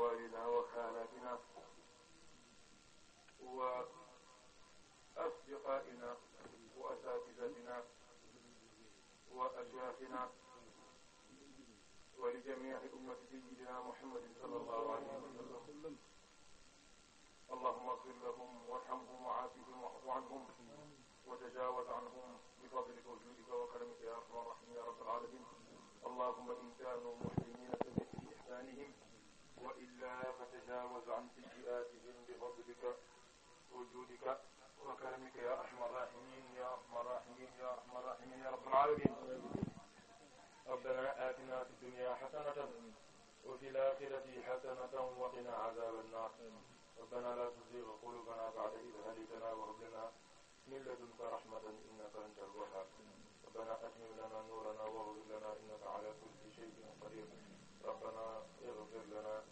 وأقوالنا وخالاتنا وأصدقائنا وأساتذتنا وأشياخنا ولجميع أمة سيدنا محمد صلى الله عليه وسلم اللهم اغفر لهم وارحمهم وعافهم واعف عنهم وتجاوز عنهم بفضلك وجودك وكرمك يا ارحم الراحمين يا رب العالمين اللهم ان كانوا محسنين فبإحسانهم وإلا فتجاوز عن سيئاتهم بفضلك وجودك وكرمك يا أرحم الراحمين يا أرحم الراحمين يا أرحم الراحمين يا رب العالمين ربنا آتنا في الدنيا حسنة وفي الآخرة حسنة وقنا عذاب النار ربنا لا تزغ قلوبنا بعد إذ هديتنا وهب لنا من لدنك رحمة إنك أنت الوهاب ربنا أتمم لنا نورنا واغفر لنا إنك على كل شيء قدير ربنا اغفر لنا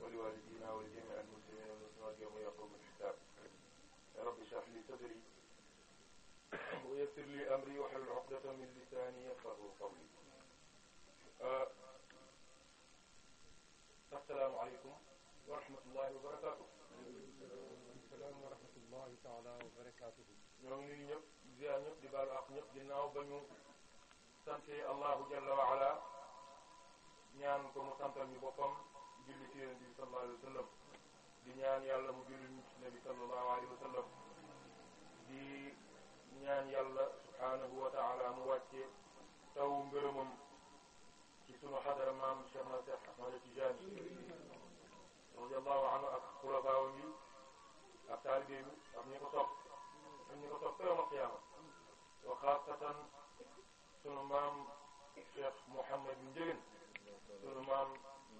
ولوالدينا ولجميع المسلمين والمسلمات يوم يقوم الحساب رب اشرح لي صدري ويسر لي امري واحلل عقدة من لساني يفقهوا قولي السلام عليكم ورحمة الله وبركاته السلام ورحمة الله تعالى وبركاته ñoo ngi nuyu ñëpp ziar ñëpp di baalu ak ñëpp ginnaaw ba ñu sante allahu jalla wa ala ñaan ko mu santal ñu boppam julli ci yonent bi sallallahu alayhi wa sallam di ñaan yàlla mu julli ñu ci nabi sallallahu alayhi wa sallam di ñaan yàlla subhaanahu wa taala mu wàcce taw ngërëmam ci sunu xadara maam Cheikh na Cheikh Ahmad Tijaani radiyallahu anhu ak xulafaawam yi ak taalibe bi ak ñi ko topp ak ñi ko topp yawma qiyaama wa xaasatan sunu maam Cheikh Mouhamed Ndiéguène sunu maam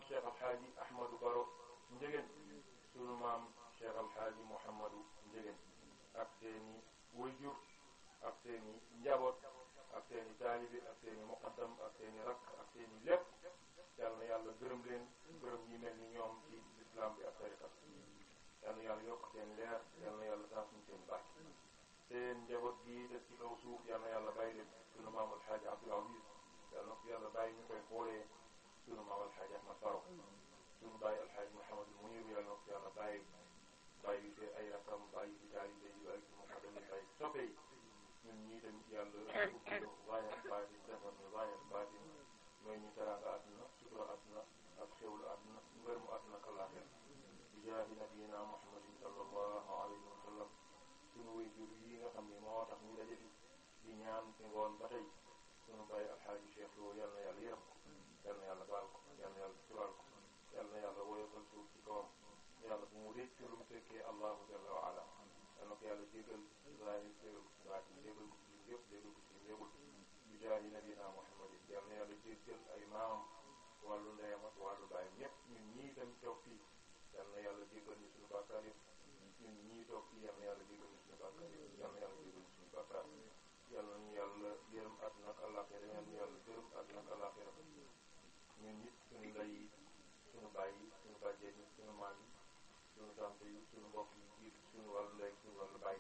Cheikh Al Hadji Ahmadou Baro Ndiéguène sunu maam Cheikh Al Hadji Mouhamadou Ndiéguène ak seeni wayjur ak seeni njaboot ak seeni taalibi ak seeni muqaddam ak seeni rakk ak seeni lépp yal na yàlla gërëm leen gërëm ñi mel ni ñoom ci islam bi ak tariqa yal na yàlla yokk seen leer yal na yàlla sax suñu seen baax seen njaboot gi des ci kaw suuf yal na yàlla bàyyi leen sunu maam Al Hadji Abdoul Aziz yal na yàlla bàyyi ñu koy xoolee sunu maam alxaaji Ahmad Baro sunu bàyyi alxaaji Mouhamadou yàlla wax yàlla bàyyi bàyyi te ay rakam bàyyi bi daal di yu ay mu xam ne baatin defal ñu waaye baatin mooy ñu teraanga àdduna sutura àdduna ak xewlu àdduna ngërmu àdduna kalaaxel bi jaahi nabiyina Muhammadin sallallahu alayhi wa sallam sunu wéy jur yi nga yal na yàlla baal ko yal na yàlla sural ko yal na yàlla woyofal suuf ci kawam yàlla bu mu réccu lu mu fekkee allahu jalla wa ala yal na ko yàlla jégal Ibrahim jégal ko Ibrahim jégal ko ci yëpp jégal ko ci yëpp bi jaahi nabina Muhammadin yal na yàlla jéggal ay maamam wàllu ndeyam ak wàllu baayam ñëpp ñun ñii dem toog fii yal na yàlla jégal ñu suñu bàkkaar yëpp ñun ñii toog fii yal na yàlla jégal ñu suñu bàkkaar yëpp yal na yàlla jégal ñu suñu bàkkaar yal na ñu yàlla yërëm ak nag àllaaxira yal na ñu yàlla yërëm ak nag àllaaxira ñun nit suñu ndey yi suñu baay yi suñu bàjjen yi suñu maam suñu tante yi suñu mbokk yi suñu wàllu ndey suñu wàllu baay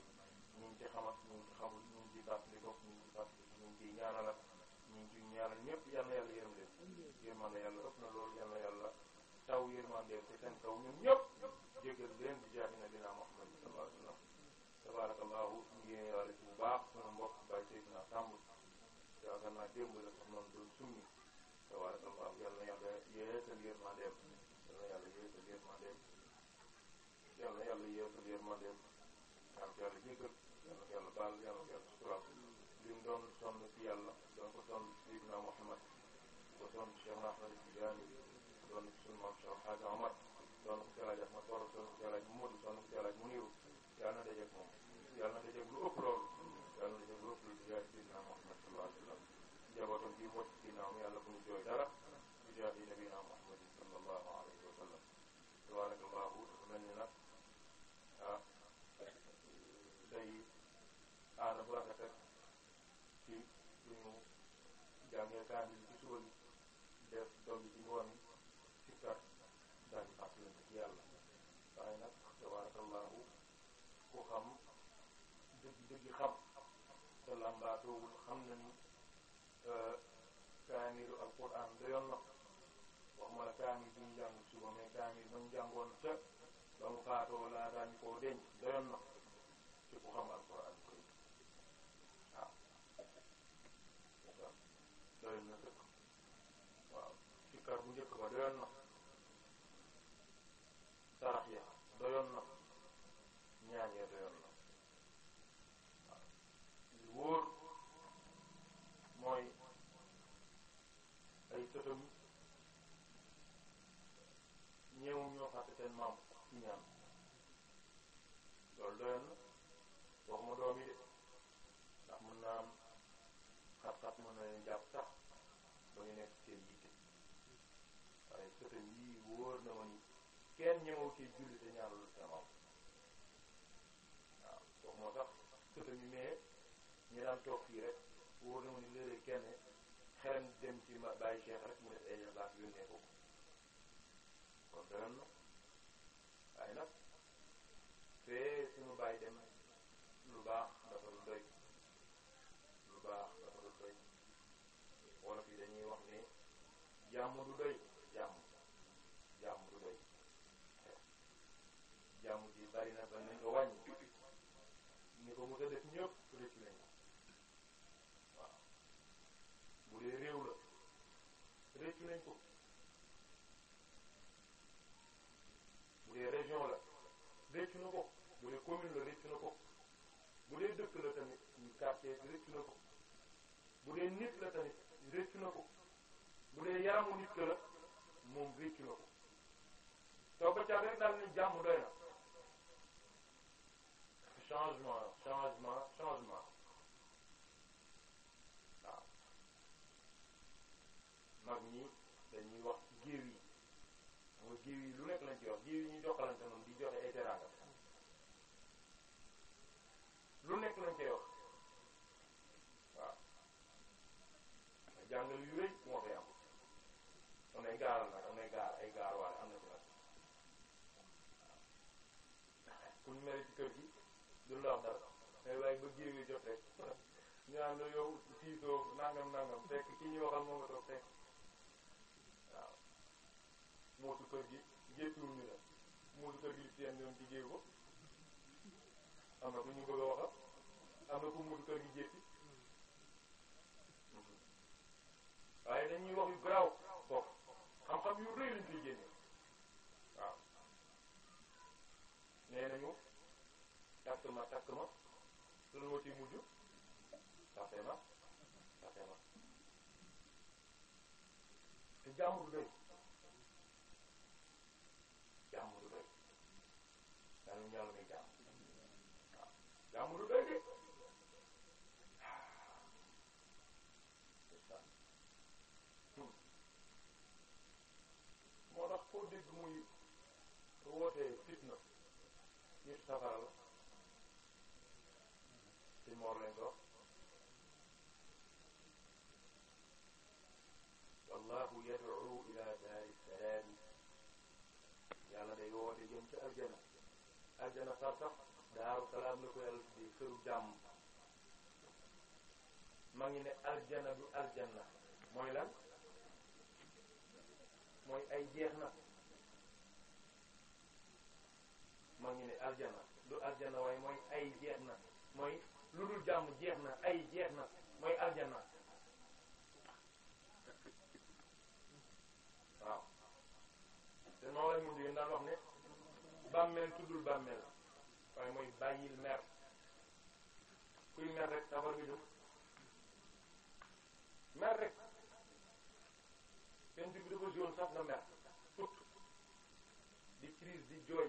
ñu ngi ci xamal ñu ngi ci xamul ñu ngi ci fàttali ko ñu ngi ci fàttali ñu ngi ciy ñaanal ak ñu ngi ciy na yàlla yërëm yàlla ëpp na loolu yal yàlla taw yërmande ci seen kaw ñun ñëpp jégal leen di jaaxle na dinaa Muhammad sallallahu alayhi wa sallam ñu ngi yàlla ci bu baax suñu mbokk bàyyi Seydina Samb yaakaar naa démb la sax noonu doon tabarakallah yal na yàlla yeesal yërmandeem yal na yàlla yeesal yërmandeem yal na yàlla yeesal yërmandeem yal na yàlla jéggal yal na yàlla baal yal na yàlla suturaal li mu doon sonn ci yàlla doon ko sonn ci Seydina Muhammad ko sonn ci Cheikh Ahmad Tidiane doon ci sunu maam Cheikh Hadj Omar doon ko ci Alaaji Ahmad Boro doon ko ci Alaaji Mamadou doon ko ci Alaaji Muniru yal na dajeeg moom yal na dajeeg lu ëpp loolu yal na dajeeg lu ëpp lu ci Seydina Muhammad sallallahu alayhi wa sallam njabootam gi jàngee kaamil ci suba bi def dolli ci ngoon ci kar daañu fàttalante ci yàlla waaye nag tabarakallahu ku xam dëgg dëgg xam te làmbaatoowul xam na ni euh, kaamilu alquran dayoon na waxuma la kaamil bi jàng suba mais kaamil ba ñu jàngoon ca ba mu faatoo laa daañu koo denc dayoon na ci ku xam alquran mooy ay sëtam ñëw ñoo fàtte seen maam ci ñaan loolu doyoon na doom yi de ndax mën naa am xat-xat mën na leen jàpp sax ñu nekk seen yitte waaye sëtam yii wóor na ma kenn ñëwul ci julli te ñaanul seen waaw wax moo tax sëtam yi nee ñu daan toog fii rek wóor na ma ni léeg-léeg kenn xelam dem ma bàyyi Cheikh rek mu def ay baax yónnee ko kon dërëm na waaye nag fee suñu bàyyi dem lu baax dafa lu doy lu baax dafa lu doy wolof yi dañuy wax ne jàmm du doy ci nañ ko bu dee région la réccu na ko bu dee commune la réccu na ko bu dee dëkk la tamit ñu quartier bi na ko bu dee nit la tamit réccu na ko bu dee yaramu nit la moom réccu na ko taw ba caag rek daal ni jàmm doy na changement changement changement mag ñi dañuy wax géew yi mooy géew yi lu nekk lañ ci wax géew yi ñu moom di joxe e teraanga lu nekk lañ cay wax waaw a jàngal yu rëy moo fay am am nay gaaral nag am nay gaar am na ñu mere ci kër gi duñ la wax dara ba géew yi jot rek ñu naan la yow tiitoo nangam nangam fekk ki ñuy waxal moo mootu kër gi jéppiwul ñu def mootu kër gi li ci yenn yoon jigéen ko am na ku ñu bëgg a waxal am na ku mootu kër gi jéppi waaye dañuy wax yu garaaw foofu xam-xam yu rëy lañ koy génne waaw nee nañu takk ma takk ma lu ma ci mujj taxe ma taxe ma te jàmbur doy jaamu du doy de moo tax koo dégg muy wootee fitna ngir safara la ci moor lañ ko wallahu yad'u ila daari salaam yàlla day woote jëm ci aljana aljana sar sax daaru salaam la ko yàlla tuddee këru jàmm maa ngi ne aljana du aljanna mooy lan mooy ay jeex na maa ngi ne aljanna du aljanna waaye mooy ay jeex na mooy lu dul jàmm jeex na ay jeex na mooy aljanna waaw te noonu la ñu daan wax ne bàmmeel tuddul bàmmeel mooy mooy bàyyil mer kuy mer rek dafa nga jóg mer rek seen bi dafa zone sax nga mer tut di crise di jooy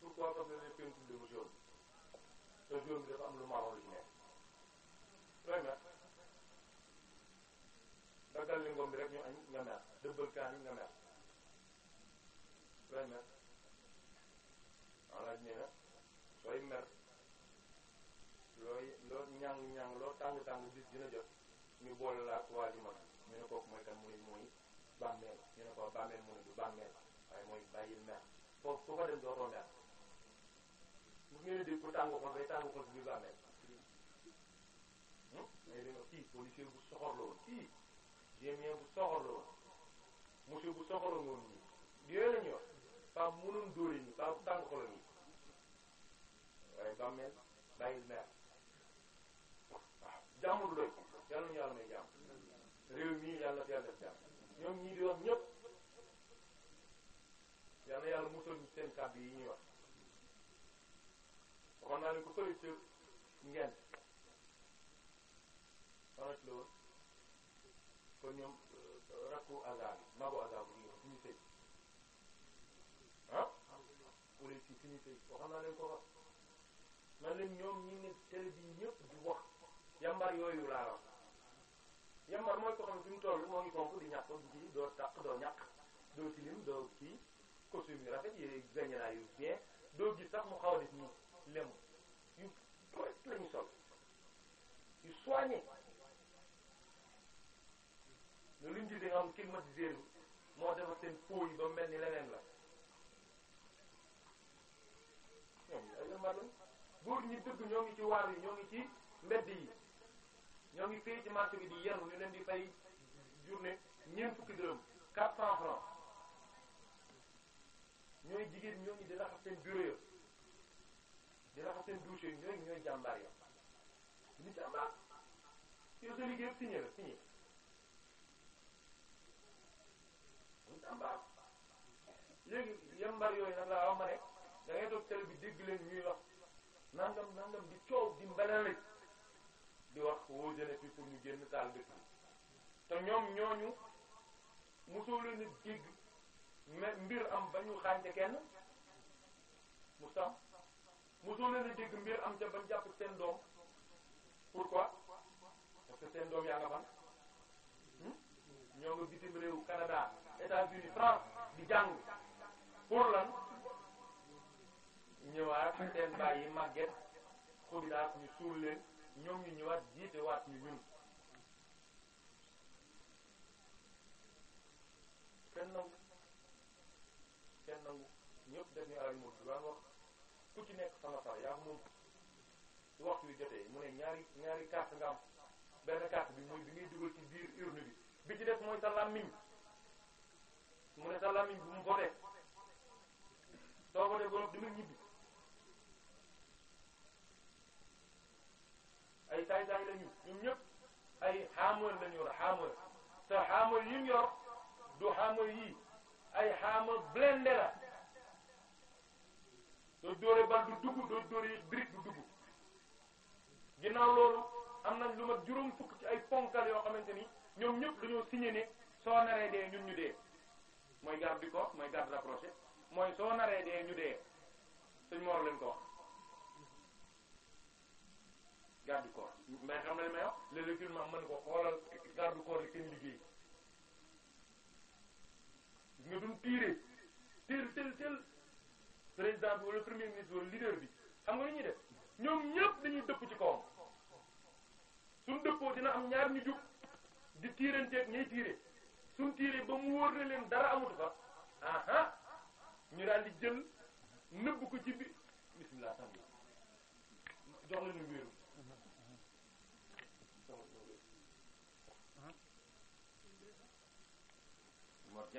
pourquoi parce que ne peinture dafa jaune te jaune bi dafa am lu marron lu ñu nekk mer daggal li ngoom bi rek ñu añ nga mer dëbbal kaan nga mer looy mer tàng-tàng bis dina jot ñu boole la ak waa ñu ne kooku mooy kan mooy mooy bàmmeel ñu ne ko bàmmeel mu ne du bàmmeel waaye mooy bàyyil mer foofu su ko dem dootoo mer bu ngeen di ku tàng xol hmm? kii policier bu soxor la woon bàmmeel bàyyil mer jàmm du doy yàlla ñu yàlla may jàmm réew mii yàlla fi yàlla def jàmm ñoom ñii di wax ñëpp yàlla yàlla musal seen kàddu yi ñuy wax waxoon naa leen ko fële ci ngeen xanaa ci la woon kon ñoom euh, rakku azar ah? yi magu azar bu ñu suñu sëy ah wala ci suñu sëy waxoon naa leen ko wax na leen ñoom ñi ne télé bi ñëpp di wax yambar yooyu laa raw yambar mooy ko xam ne fi mu toll moo ngi fonk di ñàkk di ji doo tàq doo ñàkk doo tilim doo kii costume yu rafet yéen gaññalaay yu bien doo gis sax mu xaw a def ñu lem yu correct sol yu soigné lu luñ di nga am climatiseur bi moo defar seen peau yi ba mel ni leneen la yambar lañ góor ñi dëgg ñoo ngi ci waar yi ñoo ngi yi ñoo ngi fee ci marché bi di yenu ñu leen di fay journée ñeent fukki dërëm 400 francs ñooy jigéen ñoo ngi di raxas seen bureau yo di raxas seen douche yo ñooy ñooy jàmbaar yo ñu jàmbaar yow sa liggéey yëpp la signé ñu jàmbaar léegi jàmbaar yooyu nag bi dégg leen ñuy wax nangam nangam di coow di mbalal di wax woo jeunesse bi pour ñu génn taal dëkk te ñoom ñoo mosoo leen a dégg mbir am ba ñu xànce kenn mu sam mosoo leen mbir am ca ba jàpp seen doom pourquoi parce seen doom yaa nga fan hmm? ñoo nga bitim réew Canada États-Unis France di jàng pour lan ñëwaat seen bàyyi màgget xubidaat ñu suul leen ñoom ngi ñëwaat jiite waat ñu ñun kenn nangu kenn nangu ñëpp ni alal mu daan wax ku ci nekk sama saa yaa moom waxtu wi jotee mu ne ñaari ñaari carte nga am benn carte bi mooy bi ngay dugal ci biir urne bi bi ci def mooy sa làmmiñ mu ne sa làmmiñ bu mu voté soo voté góor ay saay-saay la ñu ñun ñëpp ay xaamal lañu yor xaamal te xaamal yi ñu du xaamal yii ay xaamal blende la doo dóore bal du dugg doo dóore brique du dugg ginnaaw loolu am nañ lu mat juróom fukk ay ponkal yoo xamante ni ñoom ñëpp dañoo signé ne soo naree dee ñun ñu dee mooy garde du mooy garde rapproché mooy soo naree dee ñu dee suñ moor leen ko garde corps mais xam nañ may wax le recul ma mën ko xoolal garde corps yi liggéey nga duñ tiiree teel teel teel président bi wala premier ministre wala leader bi xam nga lu ñuy def ñoom ñëpp dañuy dëpp ci kawam suñ dëppoo dina am ñaar ñu jug di tiiranteeg ñay tiiree suñ tiiree ba mu wóor na leen dara amatu fa aha ñu daal di jël nëbb ko ci bi bismillah tàmbali jox la wéeru Dieng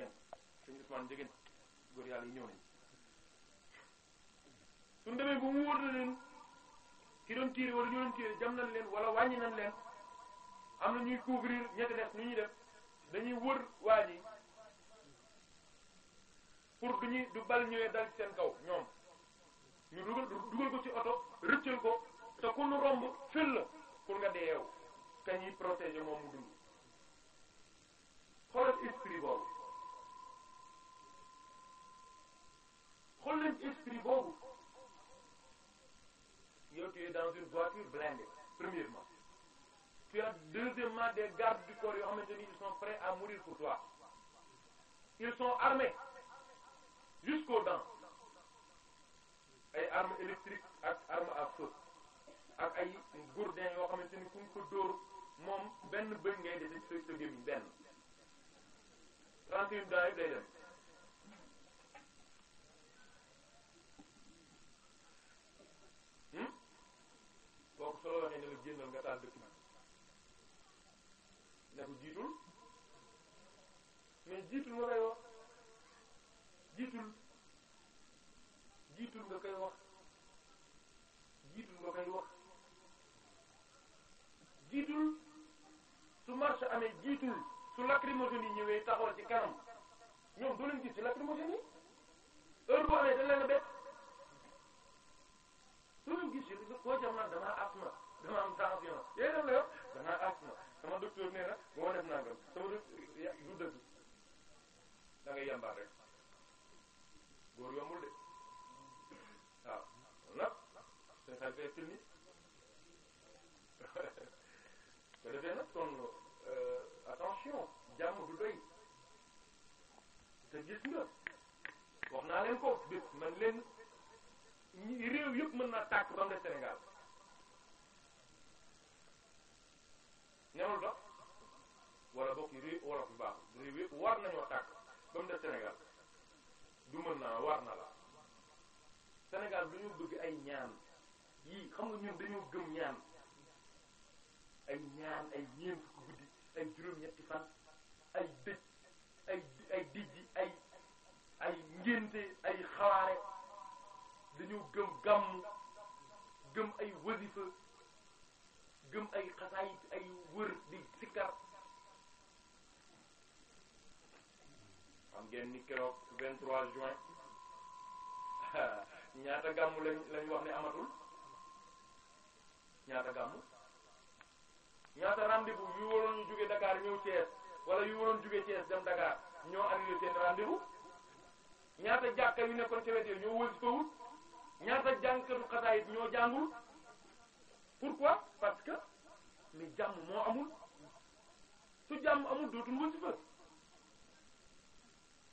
suñu Ousmane Ndiéguène góor yàlla yi ñëw nañ suñ bu mu wóor na leen ki doon tiire wala ñu doon tiire jam nañ leen wala wàññi nañ leen am na ñuy couvrir ñetti def nu ñuy def dañuy wër waa ji pour du ñuy du dal ci seen kaw ñoom ñu dugal dugal oto rëccal ko te ku nu romb fël la pour nga deew kañuy protéger moom mu dund xoolal xool leen esprit boobu yow tu es dans une voiture blindée premièrement tu deuxièmement des gardes du corps yoo xamante ni ils sont prêts à mourir pour toi ils sont armés jusqu'aux dents ay armes électriques ak armes à feu ak ay gourdin yoo xamante ni kuñ ko dóor moom benn bëñ ngay def ci sa gémmiñ benn 31 dents yi day dem boo ko soo ne la nga taal dëkk bi ne ko jiitul mais jiitul nga koy wax jiitul jiitul nga koy wax jiitul nga koy wax jiitul su marché amee jiitul su lacrymogène yi ñëwee taxawal ci kanam ñoom doo leen gis ci lacrymogène yi heure boo amee dañ leen a bett doo leen gis ci koo jox man damaa dama am tension yooyu def la yow asma sama docteur nee na bu ma def nangam sama du dëgg da ngay yambaar rek góor yombul de waaw nag te ça fait fini te defee nag kon euh, attention jàmm du doy te gis nga wax naa leen ko bés man leen réew yëpp mën naa tàkk Sénégal ñamul dox wala bokk yi réew wolof yu baaxul réew yëpp war nañoo tàkk ba mu def Sénégal du mën naa war na la Sénégal lu ñu bëgg ay ñaan yii xam nga ñun dañoo gëm ñaan ay ñaan ay ñeent fukki guddi ay juróom-ñetti fan ay dëj ay dijji ay ay ngénte ay xawaare dañoo gëm gàmm gëm ay wasifa gëm ay xasaay ay wër di sikkar xam ngeen ni keroog 23 juin ñaata gàmmu lañ lañ wax ne amatul ñaata gàmmu ñaata rendez-vous yu waroon ñu jóge Dakar ñëw Thiès wala yu waroon jóge Thiès dem Dakar ñoo annulé seen rendez ñaata jàkka yu nekkoon ci wet yi ñoo wëlsi tawul ñaata jànkatu xasaayit ñoo jàngul pourquoi parce que mais jàmm moo amul su jàmm amul dootul wasifa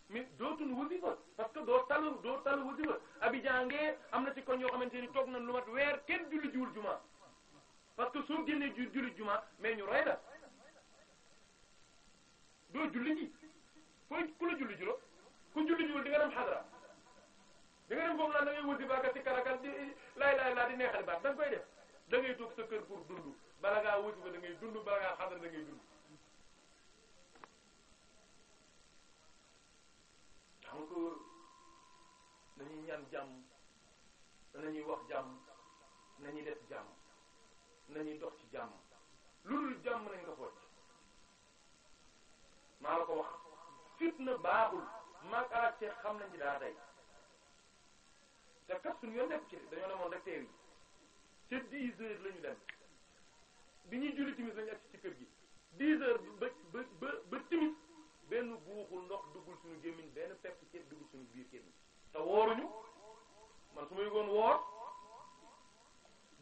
mais dootul wasifa parce que doo tal doo tal wasifa Abidjan ngee am na ci koñ yoo xamante ni toog nañ lu mat weer kenn julli jiwul juma parce que soo génnee julli juma mais ñu rey la doo julli ji fooy ku la julli julo ku julli jiwul di dem xadra di dem foofu naan da ngay wasifa ak si karakat di laay laa di neexal baat da nga koy da ngay toog sa kër pour dund bala ngaa wuti ba da ngay dund bala ngaa xam ne da ngay dund donc nañuy ñaan jàmm ñuy wax jàmm nañuy def jàmm na ñuy dox ci jàmm lu dul jàmm nañ ko focc maa la ko wax fitna baaxul maag alaaj ceex xam nañ ci daa tey te kat suñu yoon nekk ci dañoo demoon rek teer yi te 10 heures la dem bi ñuy julli timis lañu agsi ci kër gi 10 ba ba ba ba benn buuxul ndox duggul suñu gémmiñ benn pepp ceeb duggul suñu biir kër te wooruñu man su ma yëgoon woor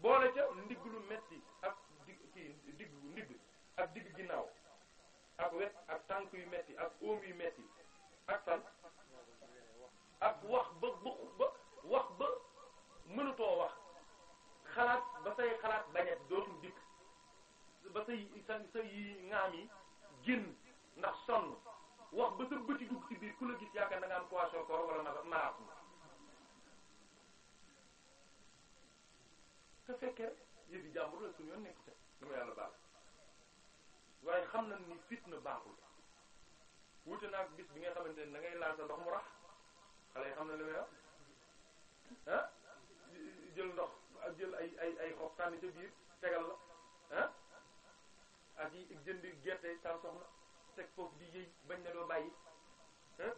boole ca ndigg lu metti ak digg kii digg ndigg ak digg ginnaaw ak wet ak tànk yu metti ak óom yu metti ak fan ak wax génn ndax sonn wax ba sa bëti dugg ci biir ku la gis yaakaar na nga am poisson corps wala maraas ma te fekkee yëfi jàmbur la suñu yoon nekk ca li ma yàlla baal waaye xam na ni fitna baaxul wute naag bis bi nga xamante ne da ngay laaj sa ndox mu rax xale yi xam na li may wax ah jël ndox jël ay ay xob sànni ca biir tegal la ak yi jënd gerte saa soxna teg foofu di yëy bañ na doo bàyyi ah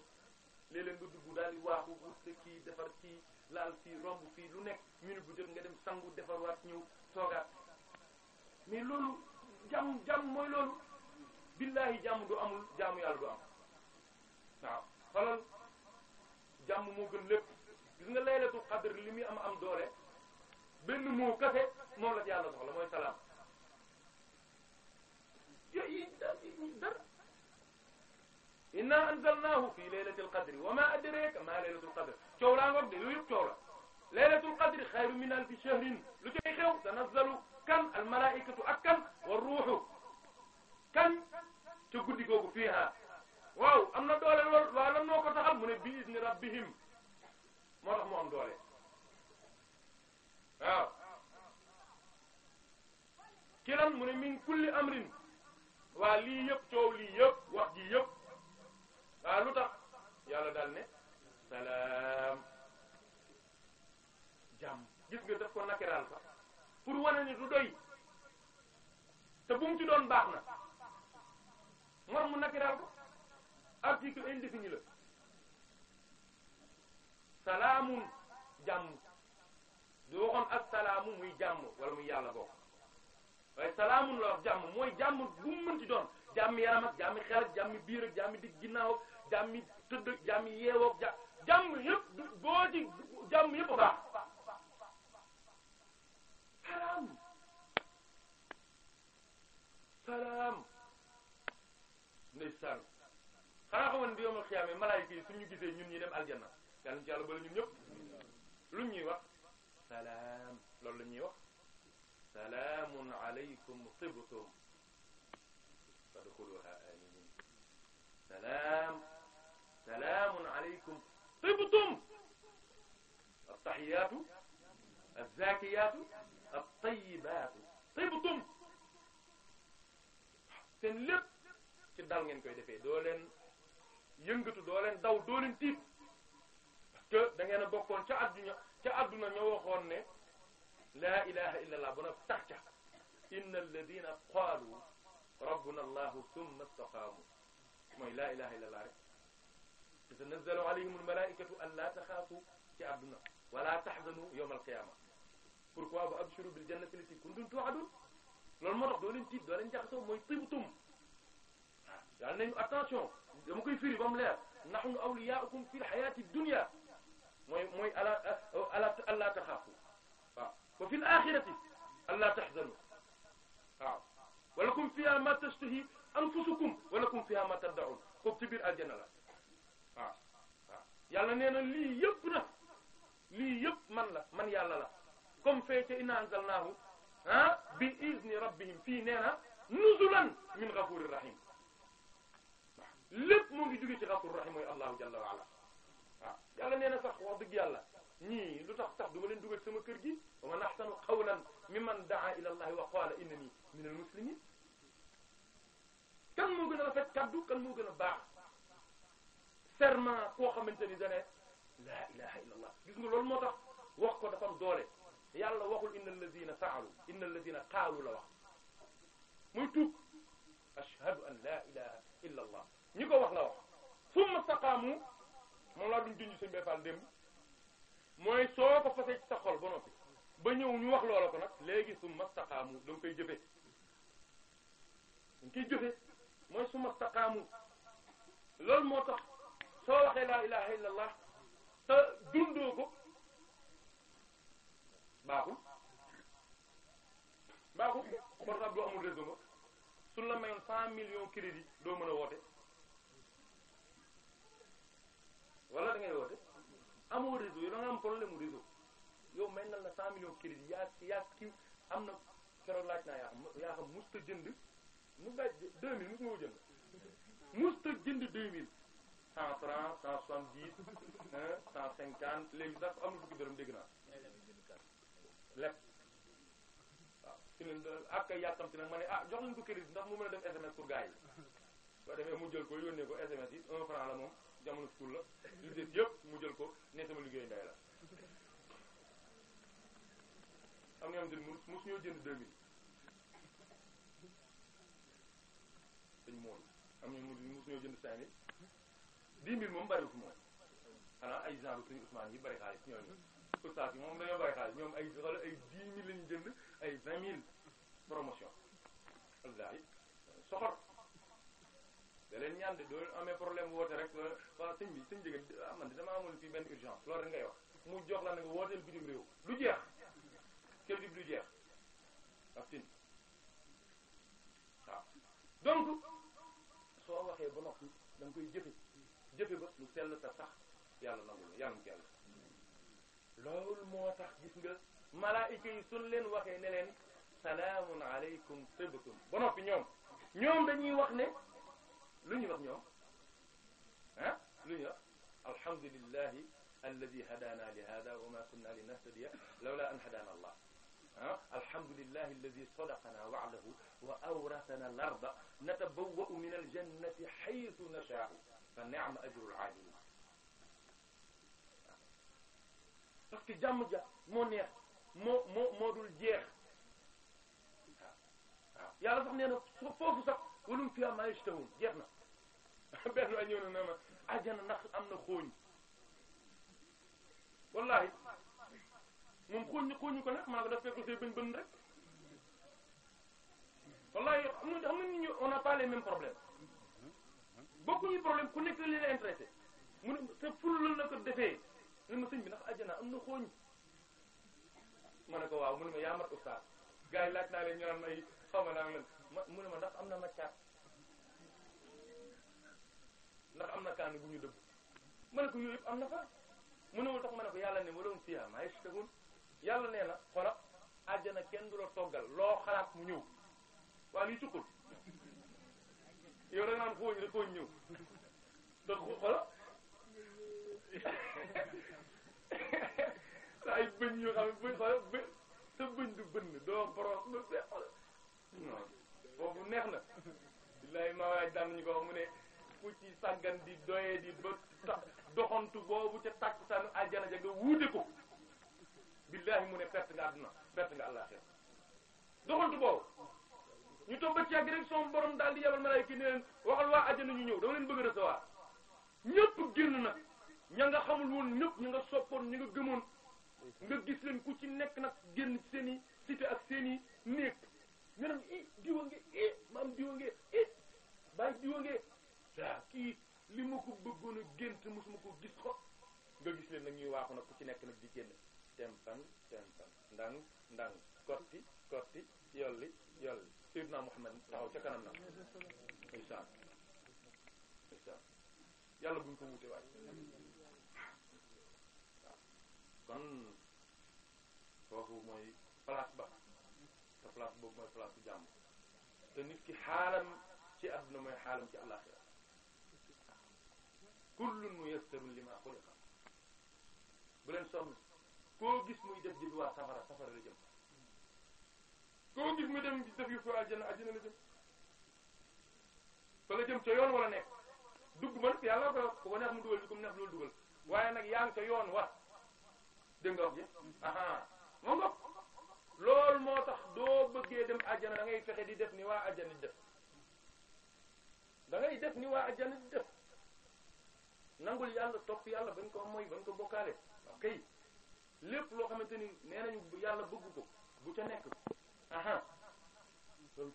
léeg nga dugg daal di waaxu wut defar ci laal fii romb fii lu nekk minute bu jot nga dem sangu defar waat ñëw toogaat mais loolu jàmm jàmm mooy loolu billaahi jàmm du amul jàmm yàlla du am waaw xolal jàmm moo gën lépp gis nga laylatul qadr li muy am am doole benn moo kase moom la ci yàlla soxla mooy salaam شيء دار إنا أنزلناه في ليلة القدر وما أدريك ما ليلة القدر coola ngoog de yooyu yëpp coola laylatul qadri xayru min alfi shahrin lu cay xew tanazzalu kan al malaikatu ak kan wa ruuxu kan ca guddi googu fiiha waaw am na doole lool waaw lan noo ko taxal mu ne bi izni rabbihim moo tax mu am doole waaw ci lan mu ne min kulli amrin waa lii yëpp coow lii yëpp wax ji yëpp waa lu tax yàlla daal ne salaam jàmm gis nga daf ko nakiraal sax pour wane ni du doy te bu mu ci doon baax na mor mu nakiraal ko article indéfini la jàmm du waxoon assalaamu muy jàmm wala muy yàlla bokk waaye salaamun la wax jàmm mooy jàmm bu mu mënti doon jàmm yaram ak jàmm xel jàmm biir ak jàmm dig ginnaaw ak jàmm tëdd ak jàmm yeewoo jàmm yëpp boo ci jàmm yëpp baax salaam salaam ndeysaan xanaa xamoon bi yoomal xiyaame malaayika yi suñu gisee ñun ñi dem aljanna yàlla ci bala ñun ñëpp lu ñuy wax salaam loolu ñuy wax salaamun alaykum tibtum fadxuluha aaminin salaam salaamun alaykum tibtum attahiyaatu azzakiyaatu attayibaatu tibtum seen lépp ci dal ngeen koy defee doo leen yëngatu doo leen daw doo leen tiit parce a bokkoon ci adduna ca adduna ñoo waxoon laa ilaha illa allah bu na tax ca inna alladina qaalu rabbuna allahu thumma istaqaamu mooy laa ilaha illa allah rek tatanazzalu alayhim almalaikatu an laa taxaafu ci àdduna wala taxzanu yawma alqiyama pourquoi wa abshiru bil jannati lati kuntum tu'adun loolu moo tax doo leen tiit doo leen jaxasoo mooy tibtum daal nañu attention dama koy firi ba mu leer nahnu awliyaukum fi lxayati dunia mooy mooy ala ala allaa taxaafu wa fil axirati allaa tahzanu waaw walakum fiha ma tashtahi anfusukum walakum fiha ma tad'un foofu ci biir aljana la waaw waaw yàlla nee na lii yëpp na lii yëpp man la man yàlla la comme feete inna anzalnaahu ah bi izni rabbihim fii nee na nuzulan min ghafurir rahim waaw lépp moo ngi jóge ci ghafur rahim mooy allahu jalla wa ala waaw yàlla nee na sax wax dëgg yàlla ñii lu tax sax du ma leen dugal sama kër gi wa man ahsanu qawlan man daa ila allahi wa qaala innani minal muslimin kan moo gën a rafet kaddu kan moo gën a baax serment koo xamante ni dane la ilaha illa allah gis nga loolu moo tax wax ko dafa am doole yàlla waxul inna alladina faalu inna alladina qaalu la wax muy tuub ashhadu an la ilaha illa allah ñi ko wax la wax summa staqaamu moom la duñ junj suñu béyfal démb mooy soo ko fasee ci sa xol ba noppi ba ñëw ñu wax loola ko nag léegi su mastaqaamu da nga koy jëfee dañ koy jëfee mooy su mastaqaamu loolu moo tax soo waxee laa ilaha illa allah dundoo ko baaxul baaxul portable doo amul réseau nga suñ la mayoon cent million crédit doo mën a woote wala da woote amoo réseau yow da am problème mu réseau yow may na la 100 millions crédit yaa yaa ki am na keroog laaj naa yaa xam yaa musta jënd mu gaj 2000 mus nga jënd musta jënd 2000 cent francs cent soixante-dix cent cinquante léegi sax am na fukki dërëm dégg naa lépp waaw ci leen ak yàkkamti nag ma ne ah jox leen ko crédit mu mën a def SMS pour gars yi soo defee mu jël ko yónnee ko SMS yi un franc la moom jamono suul la li des yëpp mu jël ko ne sama liggéey ndey la am nga am jël mu mu suñoo jënd 2000 dañ mool am na mu suñoo jënd 5000 moom bariwul moom xanaa ay genre suñu Ousmane yi bari xaalis ñooñu ustaas moom dañoo bari xaalis ay xala ay 10000 lañu jënd ay 20000 promotion alhamdulilah soxor da leen ñaan de doo amee problème woote rek waa sëñ bi sëñ jigéen ah man de dama amul fii benn urgence loolu rek ngay wax mu jox la nga wooteel bitim réew lu jeex kër gi du jeex ak sëñ waaw donc soo waxee ba noppi da nga koy jëfe jëfe ba lu sell ta sax yàlla nangul yàlla mu jàll loolu moo tax gis nga malaayika yi suñ leen waxee ne leen salaamun aleykum tibtum ba noppi ñoom ñoom dañuy wax ne lu ñuy wax ñoom ah lu ñuy wax alhamdulillahi alladi hadana li hada wa ma kunna li nahtadiya lawla an hadana allah ah alhamdulillahi alladi sadaqana wa'dahu wa awrathana al-arda natabawwa'u min al-jannati haythu nasha'u fa ni'ma ajru al-'amilin parce que jàmm ja moo neex moo moo moo dul jeex waaw yàlla sax nee na foofu sax kulum fiha ma yashtahun jeex na benn waay ñëw na ne ma ajjana ndax am na xooñ wallahi moom xooñ xooñu ko nag maa ko daf fekk say bën bën rek wallahi xam nga xam nga nit ñi on n'a pas les problème ku nekk li la intéressé mu ne te ful la ko defee ne ma sëñ bi nax ajjana am na xooñ ma ne ko waaw mu ne ma yaa mat oustaz gars yi laaj naa leen ñu naan ay xaw ma naa ma mu ne ma ndax am na maccaat ndax am na kaani bu ñu dëbb ma ne ko yooyu yëpp am na fa mu ne ma tax ma ne ko yàlla ne ma doon fiyaa maa yashtahuun yàlla nee na xola àjjana kenn du la toggal loo xalaat mu ñëw waa lii tukkul yow da nga naan xooñ rek xooñ ñëw donc xola doo boros do boobu neex na billahi ma waaj daan ñu ko mu ne ku ci sàggan di doyee di ba tax doxantu boobu ca tàkkusaanu àjjana ja nga wuute ko billahi mu ne perte nga àdduna perte nga àllaxira doxantu boobu ñu toog ba ci yàgg rek son borom daal di yabal malaayka yi ne leen waxal waa àjjana ñu ñëw dama leen bëgg a recevoir ñëpp génn na ña nga xamul woon ñëpp ña nga soppoon ña nga gëmoon nga gis leen ku ci nekk nag génn seen i cité ak seen i néeg ñu ne i diwa nge i eh, maam diwa nge eh, baay diwa nge kii li ma ko bëggoon a gént mosuma ko gis ko nga gis leen nag ñuy waaxu nag ku ci nekk nag di génn tempan tempan ndang ndang kotti kotti yolli yolli sayyidna Muhammad taxaw ca kanam na yàlla buñ ko wute waaye kon foofu mooy place ba place boobu mooy place bu jàmm te nit ki xaalam ci àdduna mooy xaalam ci àllaxira kullun muyassarun lima xuliqa bu leen sonn koo gis muy def di waa safara safara la jëm koo gis muy dem def yu fi àjjana àjjana la jëm fa la jëm ca yoon wala nekk dugg ba nag yàlla ko ku ko neex mu dugal kum neex loolu dugal waaye nag yaa ngi ca yoon wa dégg nga wax ji aha moo lool moo tax doo bëggee dem àjjana da ngay fexe di def ni waa àjjana di def da ngay def ni waa àjjana def nangul yàlla topp yàlla bañ ko mooy bañ ko bokkaale ok lépp loo xamante ni nee nañu yàlla bëgg ko bu ca nekk aha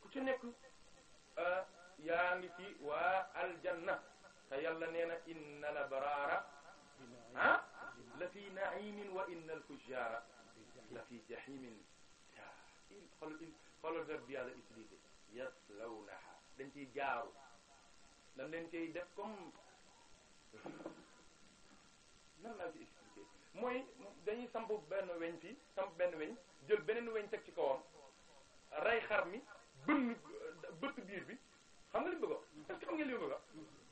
ku ci nekk yaa ngi ci waa aljanna te yàlla nee na inna la baraara ah la fi na'imin wa inna al fujjaara la fi jahimin xoolal xoolal verbe bi yàlla utilisé yaslawnaha dañ ciy jaaru dañ leen def comme nan laa ci expliqué mooy dañuy samp benn weñ fi samp benn weñ jël beneen weñ teg ci kawam rey xar mi bënn bëtt biir bi xam nga li bëgg a est-ce nga li bëgg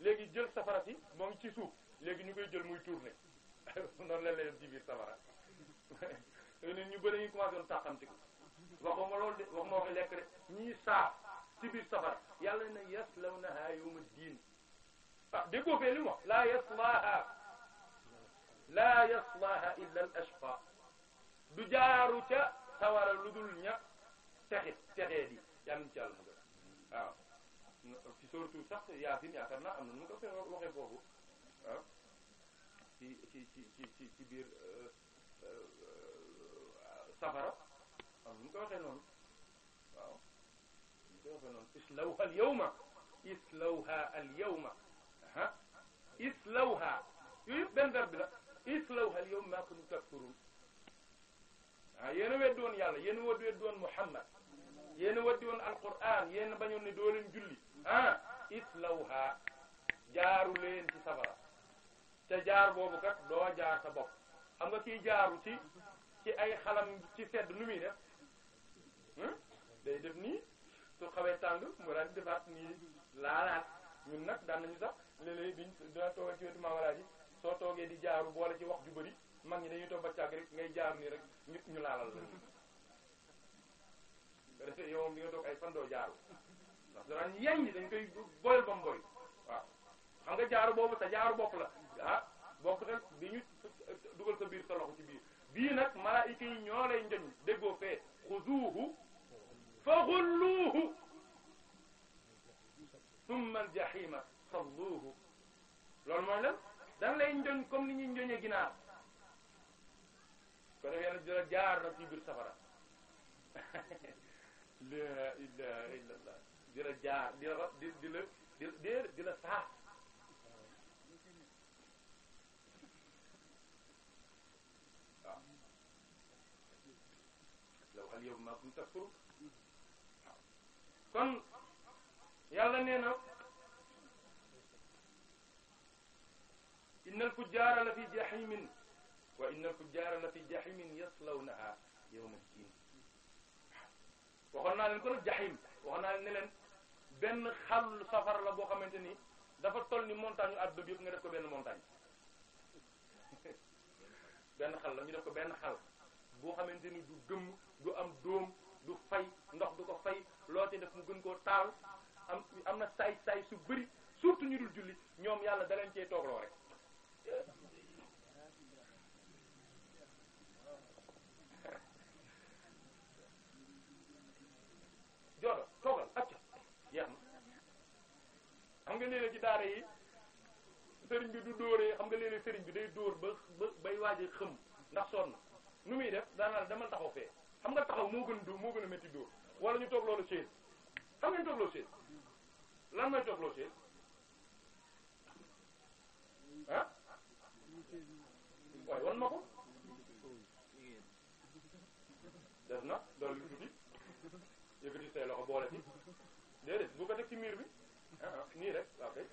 léegi jël safara si moo ci suuf léegi ñu koy jël muy tourner noonu la leen ci biir safara ñu bëri ñu commencé woon tàqam ko waxuma loolu de waxuma waxi lekk de ñii saaf ci biir safara yàlla na yaslawnaha yawma diin ah déggoo fee li mu wax laa yaslaha laa yaslaha illa al ashqa du jaaru ca sawara lu dul ña texe texee di yàlla ci yàlla mu gën waaw ci surtout sax Yaasin yaakaar naa am na nu ko fee waxee foofu waaw ci ci ci ci ci biir euh, euh, safara waaw bu ñu ko waxee noonu waaw bu ñu ko waxee noonu islawha al yawma yooyu benn verbe bi la islawha al yawma maa kuntum takfurun ah yéen a weddi woon yàlla yéen a weddi woon Muhammad yéen a weddi woon Alquran yéen a bañoon ne doo leen julli ah islawha jaaru leen ci safara te jaar boobu kat doo jaar sa bopp xam nga kiy jaaru ci ci ay xalam ci sedd nu muy def Hmm? day def nii su xawee tàng mu daal di defaat nii laalaat ñun nag daan nañu sax léeg-léeg biñ dina toogal ci wetu maamalaat yi soo toogee di jaaru boole ci wax ju bari mag ñi dañuy toog ba rek ngay jaar nii rek ñëpp ñu laalal la. nga defee yow moom di nga toog ay fan doo jaaru ndax danaa yaññ dañ koy boyal ba mu boy waaw xam nga jaaru boobu sa jaaru la ah bokk nag di ñu dugal sa biir sa loxo ci biir bii nag malaayika yi ñoo lay njoñ déggoo fee xuzuuhu fa xulluuhu summa aljahima salluuhu loolu mooy lan dana lay njoñ comme ni ñuy njoñee ginaar ko def yàlla dina jaar nag ci biir safara la ilaha illa allah di la jaar di la di di la di déer di la saaf waaw law hal yawma maa kuntum takfurun kon yàlla nee na innal fujjaara la fi jahimin wa innal fujjaara la fi jahimin yaslawnaha yawma ddin waxoon naa leen ko nag jahim waxoon naa leen ne leen benn xal safara la boo xamante ni dafa toll ni montagne adduna bi yëpp nga def ko benn montagne benn xal la def ko benn xal boo xamante ni du gëmm du am dóom du fay ndox du ko fay loo ci def mu gën koo taal am am na saay saay su bëri surtout ñu dul julli ñoom yàlla da leen cee toogloo rek acca yeex na xam nga léeg-léeg ci daara yi sëriñ bi du dóoree xam nga léeg sëriñ bi day dóor ba ba bay waaje xëm ndax sonn nu muy def daanaa demal taxaw fee xam nga taxaw moo gën dóor moo gën a métti dóor wala ñu toog loolu chaise xam nga ñu loolu chaise lan mooy toog loolu chaise ah waaye wan ma ko def na dool li tuuti yëkkati say boole ci déedéet bu ko teg miir bi ah, ah nii rek waaw kay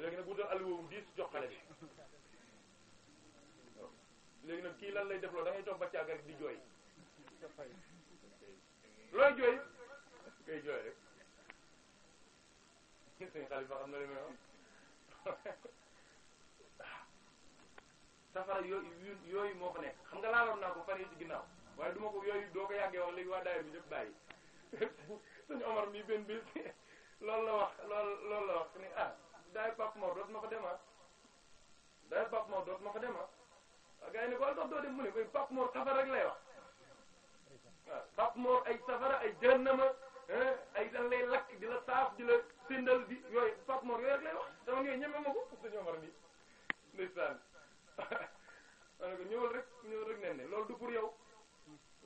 léegi nag bu dal alluwawu diis jox xale bi léegi nag kii lan lay def loolu da ngay toog ba caaga rek di jooy looy jooy ngay jooy rek suñ xalifa xam na li may wax safara yooyu yooyu moo ko nekk xam nga laaloon naa ko fan yi ci ginnaaw waaye du ma ko yooyu doo ko yàggee wax léegi waa daay bi ñëpp bàyyi suñu Omar mii benn bis loolu la wax loolu loolu la wax ni ah daay Pape Mor doot ma fa demaat daay Pape Mor doot ma fa demaat gars yi ne ko wala tax doo dem mu ne koy Pape Mor safara rek lay wax saf moor ay safara ay jahannama ay dañ lay lakk di la saaf di la sindal di yooyu saf yooyu rek lay wax dama ñëw ñeme ma ko dañoo a nii ndeysaan ma ne ko ñëwal rek loolu du pour yow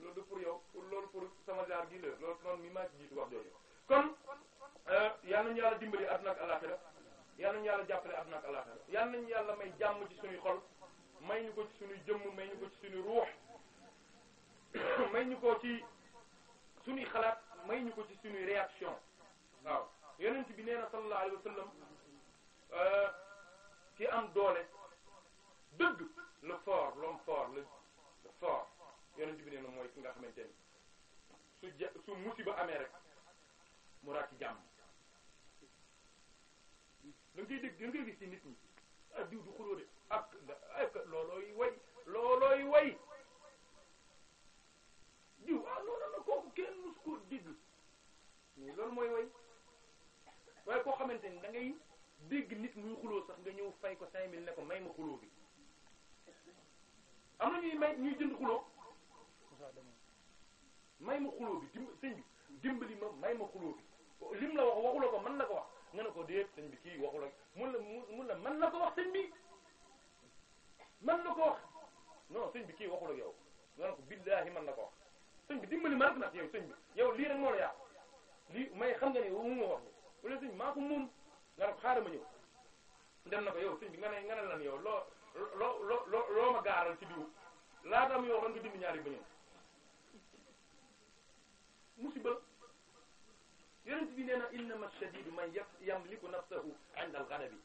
loolu pour yow pour loolu pour maa ci wax jooju kon euh, yal nañu yàlla dimbali àdduna ak àllaxira yal nañu yàlla jàppale àdduna ak àllaxira yal nañu yàlla may jàmm ci suñuy xol may ñu ko ci suñuy jëmm may ñu ko ci ruux may ñu ko ci suñuy xalaat may ñu ko ci suñuy réaction waaw yonent bi nee na sallallahu alayhi wa sallam euh, ki am doole dëgg le fort l'homme fort le fort yonent bi nee mooy ki nga xamante ni su ja su musiba amee rek mu raak ci jàmm da ngay dégg da ci nit ñi ah du xuloo de ak ak loolooy way loolooy way tiit mais loolu mooy way waaye koo xamante ni da ngay dégg nit muy xuloo sax nga ñëw fay ko cinq mille ne ko may ma xuloo bi am na ñuy may ñuy jënd xuloo may ma xuloo bi dim sëñ ma may ma xuloo bi lim la wax waxu ko man na ko wax nga ne ko déet sëñ bi kii waxu la mun la mun la mën na ko wax sëñ bi mën na ko wax non sëñ bi kii waxu la yow nga ne ko billaahi mën na ko wax sëñ bi dimbali ma rek na yow sëñ bi yow lii rek moo la yàqu lii may xam nga ne wu mu wax ni wala sëñ bi maa ko nga ne xaaral ma ñëw dem na ko yow sëñ bi nga ne nga ne lan yow loo loo loo loo ma gaaral ci diw laata mu waxoon nga dindi ñaari ba ñëw musiba yonent bi nee na innama shadidu man yamliku nafsahu inda al-ghadabi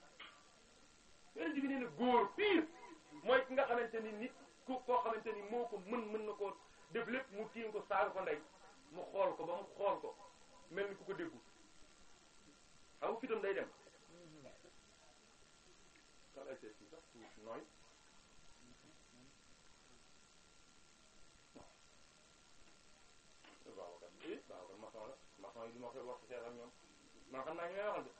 yonent bi nee na góor pire mooy ki nga xamante ni nit koo xamante ni moo ko mën mën na koo def lépp mu tiim ko saaga ko ndey mu xool ko ba mu xool ko mel ni ko déggu xam nga fitam day dem sal ay seet si sax tuuti eh, ma koy wax seet ak ñoom man xam naa ñu may waxal de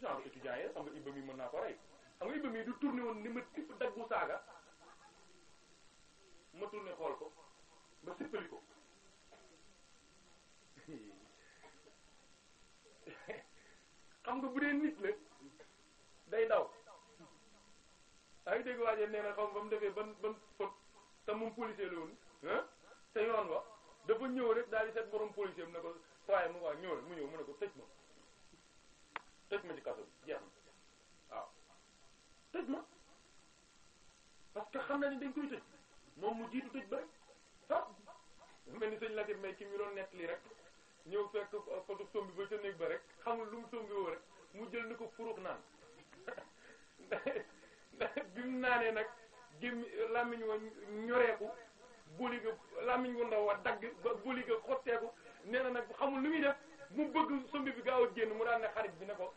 genre étudiant yi xam nga ibba mi mën naa ko rey xam nga ibba mi du tourné woon ni ma tipp daggu saaga ma tourné xool ko ba sippali ko xam nga bu dee nit la day daw ay dégg waaje nee na xam ba mu defee ban ban fot te moom te yoon wa dafa ñëw rek daal di seet borom policier mu ne ko waaye mu waa ñëw mu ñëw mu ne ko tëj ma tëj ma ci kaso bi jeex na waaw tëj ma parce que xam na dañ koy tëj moom mu jiitu tëj ba sax mel ni sëñ Latif may ki mu doon nettali rek ñëw fekk photo sombi ba ca néeg ba rek xamul lu mu sombi woo rek mu jël ni ko furux naan bi mu naanee nag gémmi làmmiñ wa ñoreeku buli ga làmmiñ wu ndaw wa dagg ba buli ga xotteeku nee na nag xamul lu muy def mu bëgg sombi bi gaaw génn mu daan ne xarit bi ne ko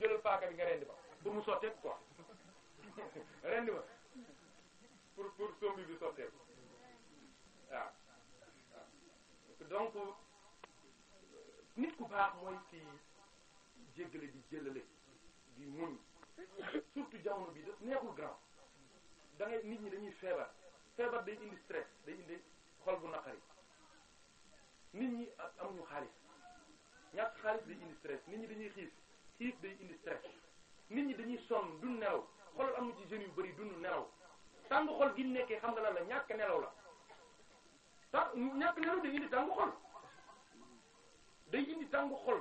jëlal paaka bi nga rendi ba ba mu sotteeku quoi rendi ba pour sombi bi sotteeku donc euh, nit ku baax mooy ci jéggale di jëlale di muñ surtout jamono bi daf neexul grand da nit ñi dañuy feebar feebar day indi stress day indi xol bu naqari nit ñi amuñu xaalis ñàkk xaalis day indi stress nit ñi dañuy xiif xiif day indi stress nit ñi dañuy sonn du nelaw xolal am na ci jeunes yu bari dunu nelaw tàng xol gi nekkee xam nga lan la ñàkk nelaw la sax ñàkk nelaw day indi tàng xol day indi tàng xol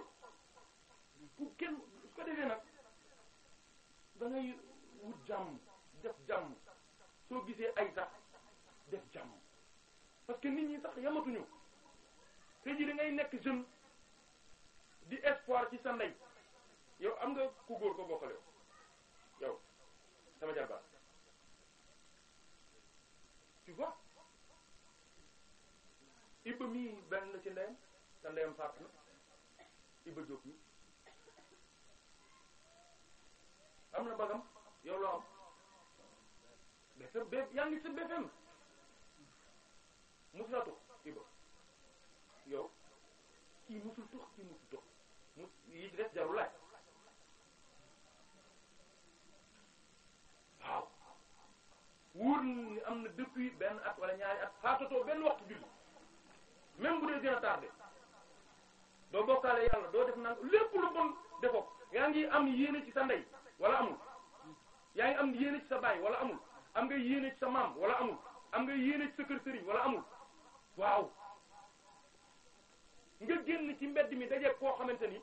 ku kenn su ko defee nag da wut jàmm def jàmm soo gisee ay sax def jàmm parce que nit ñi sax yamatuñu te ji da ngay nekk jeune di espoir ci sa ndey yow am nga ku góor ko bokkale yow sama jarbaat tu vois Ibba mii benn la ci ndeyam te ndeyam faatu na Ibba Diop mi am na bagam yow loo am BFM yaa ngi ci BFM musul Ibba yow kii musul kii musul tux mu yi ci waaw wóor ni am na depuis benn at wala ñaari at faatatoo benn waxtu julli même bu dee gën a tardé doo bokkaale yàlla doo def nang lépp lu bon defoo yaa ngi am yéene ci sa ndey wala amul yaa ngi am yéene ci sa baay wala amul am nga yéene ci sa maam wala amul am nga yéene ci sa kër sëriñ wala amul waaw nga génn ci mbedd mi dajeeg foo xamante ni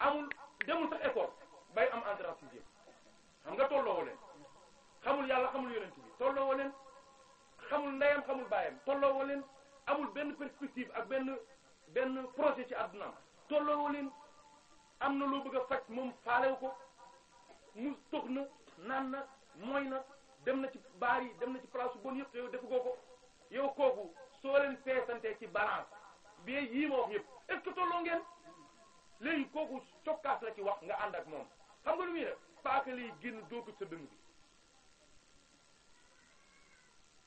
amul demul sax école bay am entrée sixième xam nga tolloo leen xamul yàlla xamul yonent bi tolloo leen xamul ndeyam xamul baayam tolloo leen amul benn perspective ak benn benn projet ci àddunaam tolloo leen am na loo bëgg a faj moom faalew ko mu tox na naan na mooy na dem na ci baar yi dem na ci place bon yëpp yow defu defugoo ko yow kooku soo leen feesantee ci balance bi yii ma wax yëpp est tolloo ngeen léegi kooku cokkaas la ci wax nga ànd ak moom xam nga lu muy def paaka lay génn doo ko sa dëng bi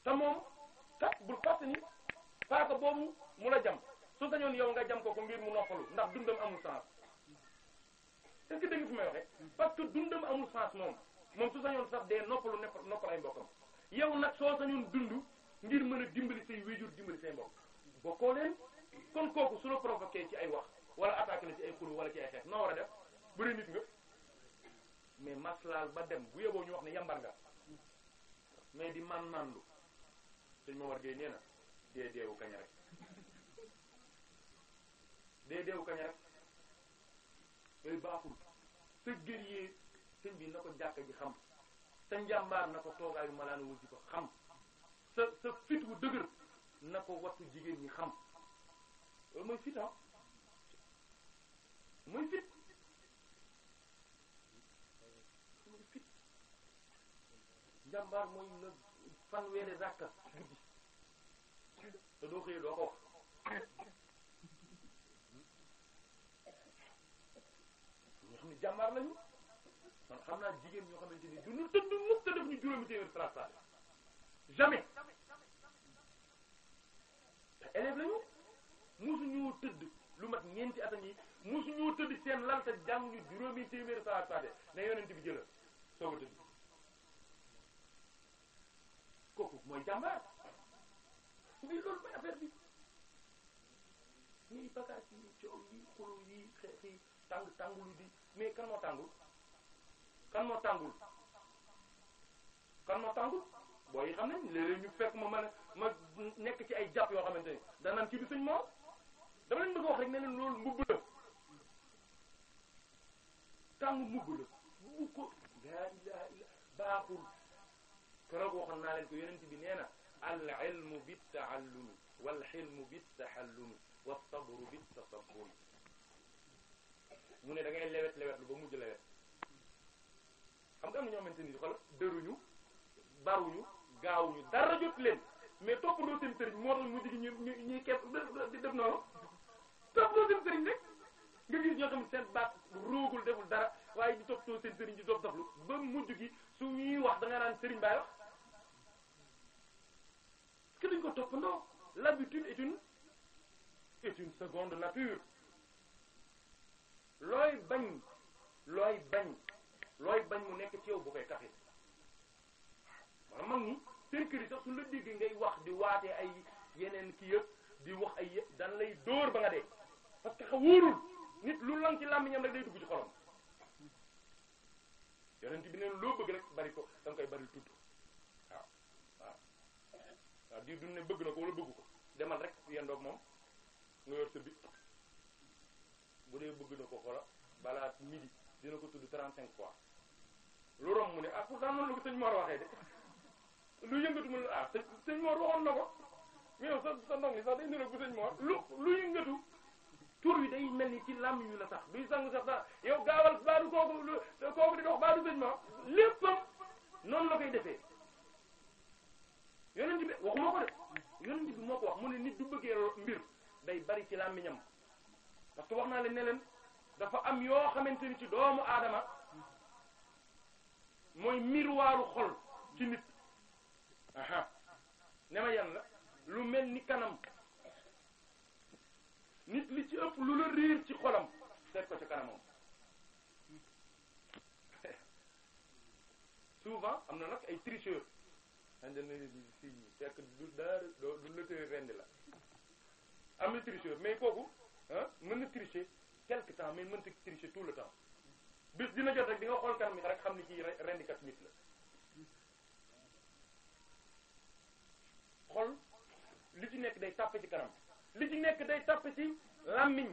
te moom kat bul fàttali ni paaka boobu mu la jam su sañoon yow nga jam ko ko ngir mu noppalu ndax dundam amul sens est-ce que dégg fi may waxee parce que dundam amul sens moom moom su sañoon sax dee noppalu noppal ay mbokkam yow nag soo sañoon dund ngir mën a dimbali say wéjur dimbali say mbokk bokkoo leen kon kooku su la provoqué ci ay wax wala attaqué la ci ay xulu wala ci ay xeex noo war a def bëri nit nga mais maslaal ba dem bu yeboo ñu wax ne yambar nga mais di man mandu sëñ Momar Gueye nee na dee deewu kañ rek dee deewu rek yooyu baaxul sa guerrier sëñ bi na ko jàkka ji xam sa njàmbaar na ko toogaayu malaan wul ji ko xam sa sa fit wu dëgër na ko wattu jigéen ñi xam mooy fit ah mooy fit njàmbaar mooy na fanweeri zakka te doo xëyee doo ko wax ñoo xam ne lañu man xam naa jigéen ñoo xamante ni duñu tëdd mukk te def ñu juróomi téeméer tractat jamais te élève lañu musuñu tëdd lu mat ñeenti at a ngi musuñu tëdd seen lal te jàng ñu juróomi téeméer tractat ne yonent bi jëla soo ko tëdd kooku mooy jàmbaar mais loolu mooy affaire bi ñuy bagages yi coow yi xulóo yi xeex yi tàng tàngul bi mais kan moo tàngul kan moo tàngul kan moo tàngul booy yi xam ne léeg-léeg ñu fekk ma man ma nekk ci ay jàpp yoo xamante ne danaan kii bi suñ moom dama leen bëgg wax rek ne leen loolu mbubb la tàng mbubb la bu ko laa ilaha illa baaxul keroog waxoon naa leen ko yonent bi nee na al ilmu bit taallumi wal xilmu bit taxallumi wa sabru bit tasabburi mu ne da ngay lewet lewet lu ba mujj lewet xam nga am na ñoo xamante ni xol dëruñu baruñu gaawuñu dara jot leen mais toppandoo seen sëriñ moo tax mujj gi ñu ñu ñuy kepp di def noonu toppandoo seen sëriñ rek nga gis ñoo xam seen baat roogul deful dara waaye di toppandoo seen sëriñ di dof doflu ba mujj gi su ñuy wax da nga naan sëriñ baay wax que ko toppandoo l'habitude est une est une seconde nature looy bañ looy bañ looy bañ mu nekk ci yow bu koy kafe a mag ñi seen kër sax suñ la dégg ngay wax di waatee ay yeneen ki yëpp di wax ay yëpp dan lay dóor ba nga dee parce que xa wóorul nit lu lang ci làmmiñam rek day dugg ci xolom yonent bi neen loo bëgg rek bari ko danga koy bari tudd waaw di dund ne bëgg na ko wala bëgg ko demal rek yendoog moom nga yor sa bi bu dee bëgg na ko xoola balaa midi dina ko tudd 35 fois lu rom mu ne ah pourtant noonu la ko sëñ Mor waxee de ah, na ko sa sa sax day nelaw bu sëñ Mor lu lu ni ci làmm yu la sax duy sangu sax daal yow gaawal baadu kooku kooku di dox baadu noonu la koy defee yonent bi waxuma ko de yonent bi moo ko wax mu ne nit du bëggee mbir day bari ci làmmiñam parce que wax naa leen ne leen dafa am yoo xamante ni ci doomu aadama mooy miroiru xol ci nit aha ne ma yan la lu mel ni kanam nit li ci ëpp lu la riir ci xolam seet ko ci kanamam souvent am na nag ay tricheurs àndal leen fii ñi fekk du daara doo du la tëye rendi la am na tricheur mais kooku ah mën na tricher quelque temps mais mënta tricher tout le temps bis dina jot rek di nga xool kanam yi rek xam ni ci rendikat nit la xool li ci nekk day tàppe ci kanam li ci nekk day tàppe ci làmmiñ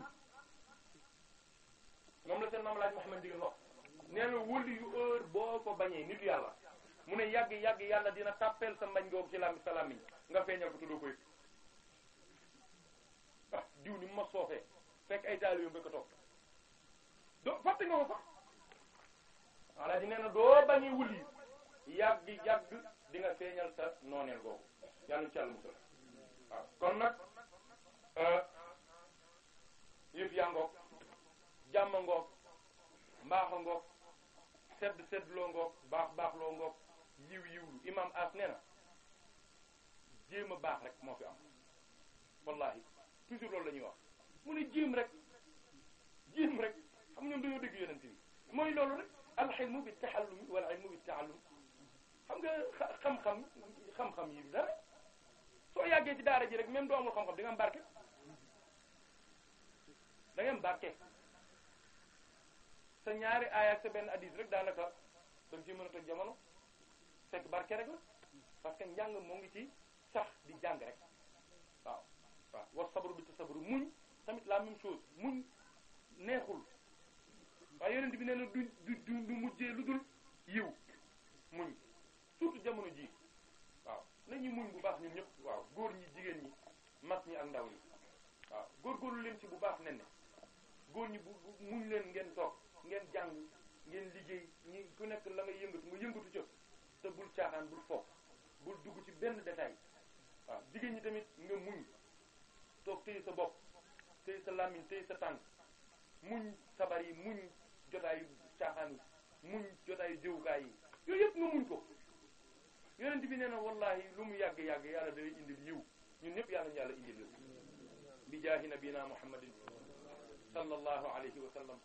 moom la seen maam laaj Mouhamed Ndieguène wax nee na wëli yu heure boo ko bañee nit yàlla mu ne yàgg yàgg yàlla dina tàppeel sa mbañ googu ci làmmi sa làmmiñ nga feeñal ko tuddoo koy ah diw ni ma soofee fekk ay taalibe nga ko toog do fàtte nga ko sax walla di nee na doo bañ a wuli yàgg yàgg di nga feeñal sa nooneel googu yàlla ah, kon nag euh, yëf yaa ngoog jàmm ngoog mbaax ngoog sedd sedd loo ngoog baax baax loo ngoog yiw yiw imam as nee na baax rek moo fi am wallahi toujours loolu la ñuy wax mu ne jéem rek jéem rek xam ñoom dañoo dégg yonent bi mooy loolu rek mu bi taxallumi wala ilmu bi taxallum xam nga xam-xam yi dara soo yàggee ci daara ji rek même doo amul xam-xam di nga am barke da am barke sa ñaari aaya sa benn hadis rek daanaka da nga ciy mën a toj jamono fekk barke rek la parce que njàng moo ngi ci sax di jàng rek waaw waaw war sabru bi te sabru muñ tamit la même chose muñ neexul waaye yonent bi nee na du du du mujjee lu dul yiw muñ surtout jamono ji waaw nañu muñ bu baax ñun ñëpp waaw góor ñi jigéen ñi mat ñi ak ndaw ñi waaw góorgóorlu leen ci bu baax nen ne góor ñi bu muñ leen ngeen toog ngeen jàng ngeen liggéey ñi ku nekk la nga yëngatu nga yëngatu ca te bul caaxaan bul foofu bul dugg ci benn détail waaw jigéen ñi tamit nga muñ toog téye sa bopp téye sa làmmiñ téye sa tànk muñ sabar yi muñ jotaayu caaxaan yi muñ jotaayu jëwukaay yi yooyu yëpp nga muñ ko yonent bi nee na wallahi lu mu yàgg yàgg yàlla day indil yiw ñun ñëpp yàlla ñu yàlla indil yiw bi jaahi nabina muhammadin sallallahu alayhi wa sallam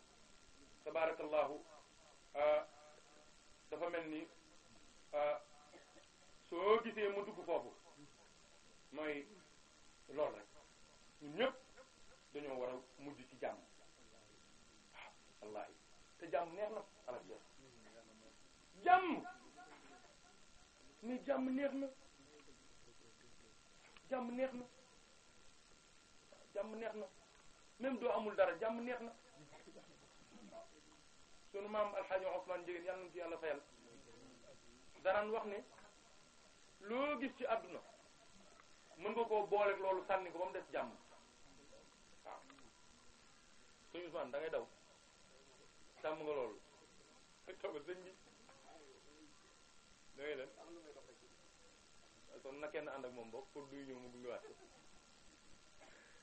ah, dafa mel ni Euh, soo gisee mu dugg foofu mooy loolu rek ñun ñëpp dañoo war a mujj ci jàmm ah, waaw te jàmm neex na alal jàmm ni jàmm neex na jàmm neex na jàmm neex na même doo amul dara jàmm neex na sunu maam alxaaji Usmaan Jigéen yàlla na ci yàlla fayal danaan wax ne loo gis ci àdduna mën nga koo booleeg loolu sànni ko ba mu des jàmm waaw suñu Ousmane da daw sàmm nga loolu toogal sëñ bi dem kon na kenn ànd ak moom boog pour duy ñëw mu gungewaat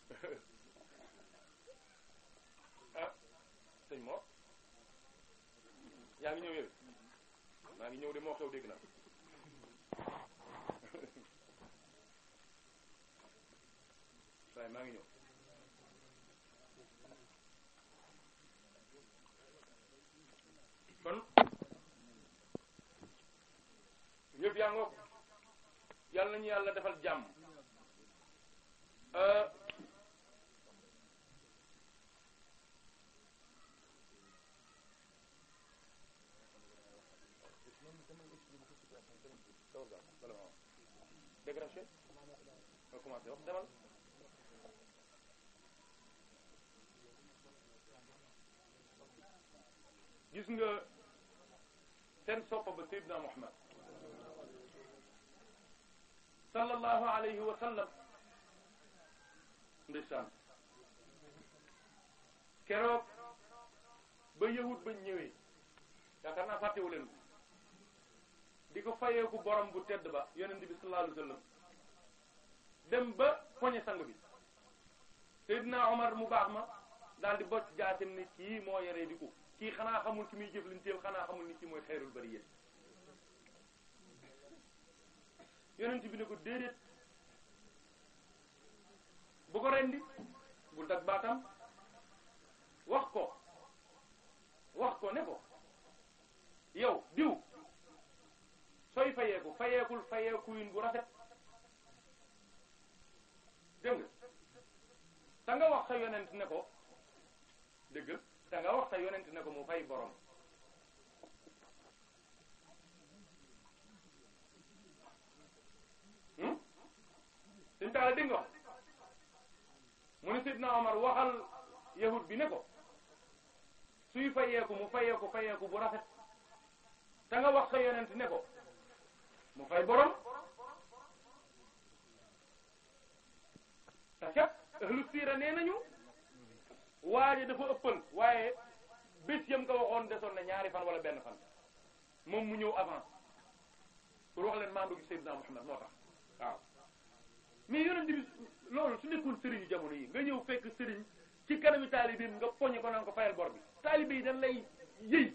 ah sëñ Mor yaa ngi ñëw yow maa ngi ñëw de moo xew dégg naa saay maa ngi ñëw kon yëpp yaa ngoog yàlla nañu yàlla defal jàmm euh, décroché nga commencé wax demal gis nga seen soppa ba Seydina Muhammad sallallahu alayhi wa sallam ndeysaan keroog ba yahut ba ñëwee yaakaar naa fàttewu leen di ko fayeeku borom bu tedd ba yonent bi sallallahu alayhi wasallam dem ba poñe sang bi Seydina Omar mu baax ma daal di bocc jaatim ne kii moo yaree di ko kii xanaa xamul ki muy jëflanteel xanaa xamul ni kii mooy xeerul bariyyat yonent bi ne ko déedéet bu ko rendi bul dag baatam wax ko wax ko ne ko yow diw sooy fayeeku fayeekul fayeekuyin bu rafet dégg nga wax sa yonent ne ko dëgg ta nga wax sa yonent ne ko mu fay borom hmm? suñu taala dégg nga wax mu ne Sidna waxal yahud bi ne ko suy fayeeku mu fayeeku fayeeku bu rafet ta nga wax sa yonent ne ko mu fay borom te kat ahlu siira nee nañu waaye dafa ëppal waaye bés yam ko waxoon desoon na ñaari fan wala benn fan moom mu ñëw avant pour wax leen maandu gi Seydina Muhammad moo tax waaw mais yonent bi loolu su nekkoon sëriñu jamono yi nga ñëw fekk sëriñ ci kanamu taalibeem nga poñi ko naan ko fayal bor bi taalibe yi dañ lay yëy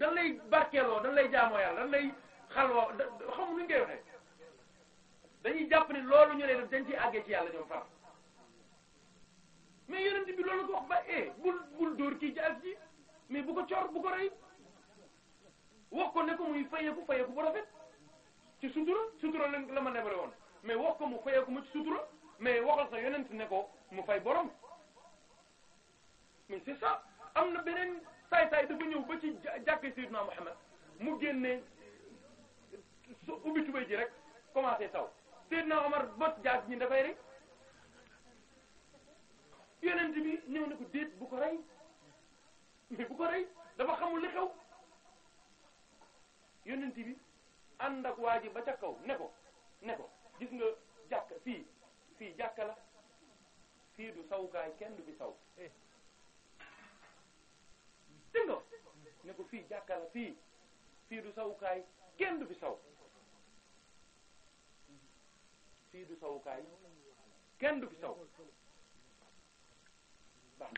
dan lay barkeeloo dan lay jaamoo yàlla dan lay xalwoo xamu nu ñu waxee dañuy jàpp ne loolu ñu lay def dañ ciy àggee ci yàlla ñoom far mais yonent bi loolu ko wax ba eh bul bul dóor kii ci ji mais bu ko coor bu ko rey wax ko ne ko muy ku fayeeku bu rafet ci sutura sutura la ma nebale woon mais wax ko mu fayeeku ma ci sutura mais waxal sa yonent ne ko mu fay borom mais c'est ça am na beneen saay-saay dafa ñëw ba ci jàkk Seydina Muhammad mu génne su ubbi tubéy ji rek commencé saw Seydina Omar bot jaag ñi dafay rek yonent ñëw ne ko déet bu ko rey mais bu ko rey dafa xamul li xew yonent bi ak waa ji ba ca kaw ne ko ne ko gis nga jàkk fii fii jàkka la fii du sawukaay kenn du fi saw eh. dégg ne ko fii jàkka la fii fii du sawukaay kenn du fi saw fii du sawukaay kenn du fi saw baax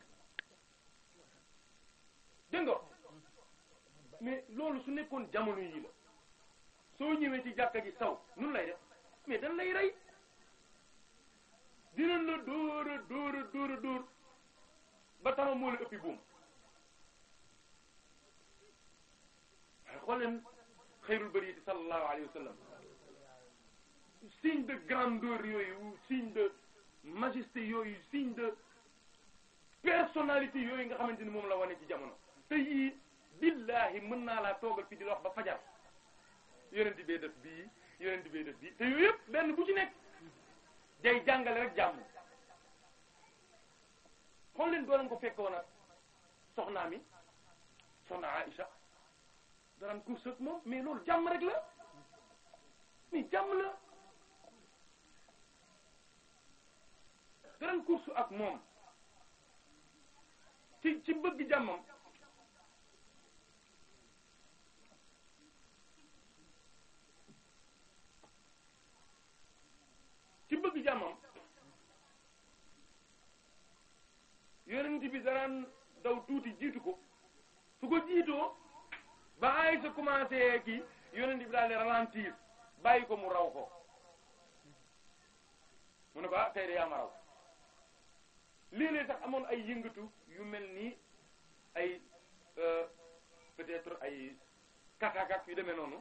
mais loolu su nekkoon jamono yi la soo ñëwee ci jàkka ji saw nu lay def mais dañ lay rey dinañ la dóor a dóor a dóor a dóor ba tama moo la ëppi buum xool leen xayrul bariyati sallallahu alayhi wa sallam de grandeur yooyu signe de majesté yooyu signe de personnalité yooyu nga xamante ni moom la wane ci jamono te yii billahi mën naa laa toogal fi di wax ba fajar yonent bee def bii yonent bee def bii te yooyu yëpp benn ku ci nekk day jàngale rek jàmm xool leen doo ko fekkoon ak mi soxna Aïcha am course ak moom mais loolu jàmm rek la ni jàmm la garan course ak moom ci ci bëgg jàmmam ci bëgg jàmmam yonent bi daraan daw tuuti jiitu ko su ko jiitoo ba Aysa commencé kii yonent bi daal di ralentir bàyyi ko mu raw ko mu ne ko ah tey de yaa ma sax amoon ay yëngatu yu mel nii ay euh, peut-être ay katakak yu demee noonu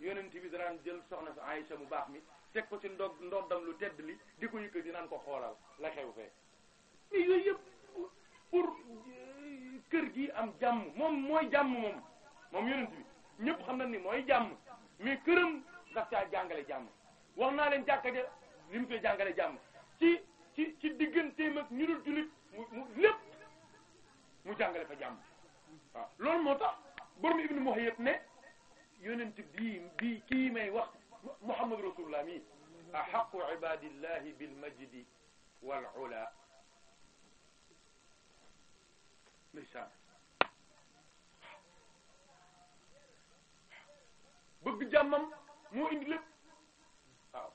yonent bi danaan jël soxna sa Aysa mu baax mi teg ko ci ndog ndoddam lu tedd li di ko yëkkati naan ko xoolal la xew fee mais yooyu yëpp pour kër gi am jàmm moom mooy jàmm moom moom yonent bi ñëpp xam nañ ni mooy jàmm mais këram daf caa jàngale jàmm wax naa leen jàkka ja li mu koy jàngale jàmm ci ci ci digganteem ak ñu dul mu mu lépp mu jàngale fa jàmm waaw loolu moo tax borom ibnu Muhayyab ne yonent bii bii kii may wax Muhammad rasulullah mi ahaqqu bi bil majdi wal ula bëgg jàmmam moo indi lépp waaw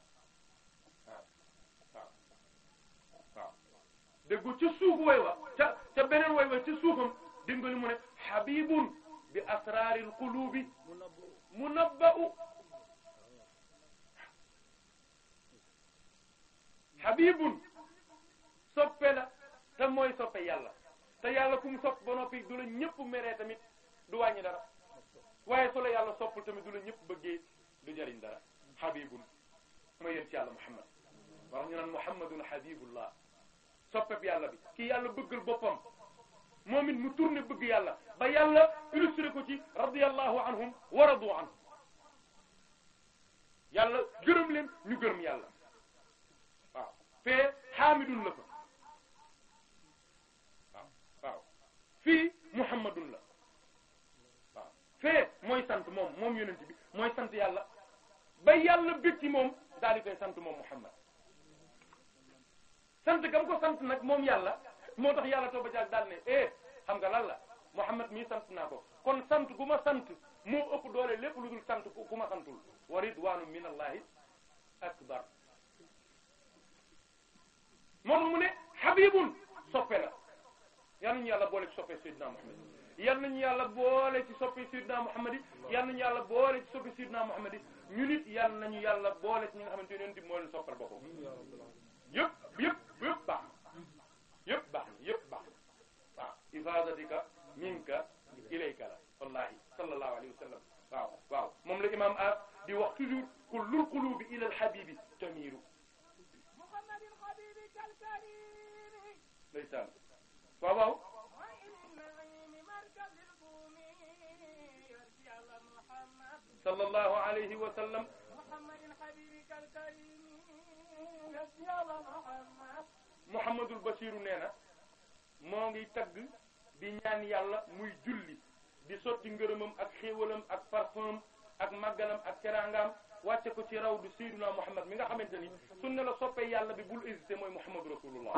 waaw waaw waaw déggu ca suuf way wa ca ca beneen way wa ca suufam dimbali mu ne habibun bi asrari alqulubi munabba'u habibun soppe la te mooy soppe yàlla te yàlla ku mu sopp ba noppi du la ñëpp meree tamit du wàññi dara waaye su la yàlla soppul tamit du la ñëpp bëggee du jariñ dara xabibun mooy yéen ci yàlla muhammad bi kii yàlla bëggal boppam moom it mu tourné bëgg yàlla ba yàlla illustré ko ci radiyallahu anhum wa radu anhu yàlla gërëm leen ñu gërëm yàlla waaw fee xaamidun la fa fii muhammadun la waaw fee mooy sant moom moom yonent bi mooy sant yàlla ba yàlla bëgg ci moom daal di koy sant moom muhammad sant gam ko sant nag moom yàlla moo tax yàlla tooba jaag daal ne eh xam nga lan la muhammad mii sant naa ko kon sant gu ma sant moo ëpp doole lépp lu dul sant ku ma santul wa ridwaanu min allahi akbar moom mu ne habibun soppe la yal nañu yàlla boole ci soppe Seydina Muhammad yal nañu yàlla boole ci soppe Seydina Muhammad yi yal nañu yàlla boole ci soppe Seydina Muhammad yi ñun it yal nañu yàlla boole ci ñi nga xamante ne di moo leen soppal boppam yëpp yëpp yëpp baax na yëpp baax na yëpp baax na waaw ifadatika minka ilayka la wallahi sallallahu alayhi wa sallam waaw waaw moom la imam a ah, di wax toujours kullul qulubi ila al habibi tamiru muhammadin habibi kal karim waawaaw waaw sallallahu alayhi wa Muhammadul Basiru nee na moo ngi tagg di ñaan yàlla muy julli di sotti ngërëmam ak xéewalam ak parfumam ak màggalam ak teraangaam wàcce ko ci rawdu sayyidina Muhammad mi nga xamante ni su ne la soppee yàlla bi bul hésité mooy Muhammad rasulullah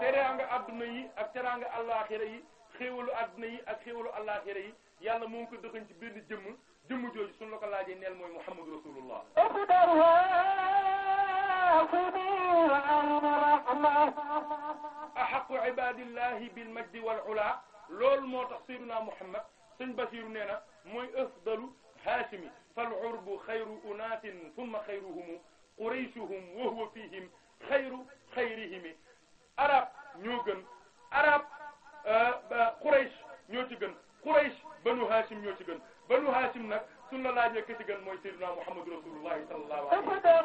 teraanga adduna yi ak teraanga àllaaxira yi xéewalu adduna yi ak xéewalu àllaaxira yi yàlla moo ngi ko dëxañ ci benn jëmm jëmm jooju suñu la ko laajee neel mooy Muhammad rasulullah axaqu ibadillahi bilmajdi wal ula loolu moo tax sayyiduna Muhammad sëñ Basiru nee na mooy afdalu haashimi fal urbu xayru unaasin thumma xayruhum qurayshuhum wa huwa fihim xayru xayrihim arab ñoo gën arab euh, quraysh ñoo ci gën quraysh banu haashim ñoo ci gën banu haashim nag suñ la laajee ka ci gën mooy sayyiduna Muhammad rasulullahi sallallahu alayhi wa sallam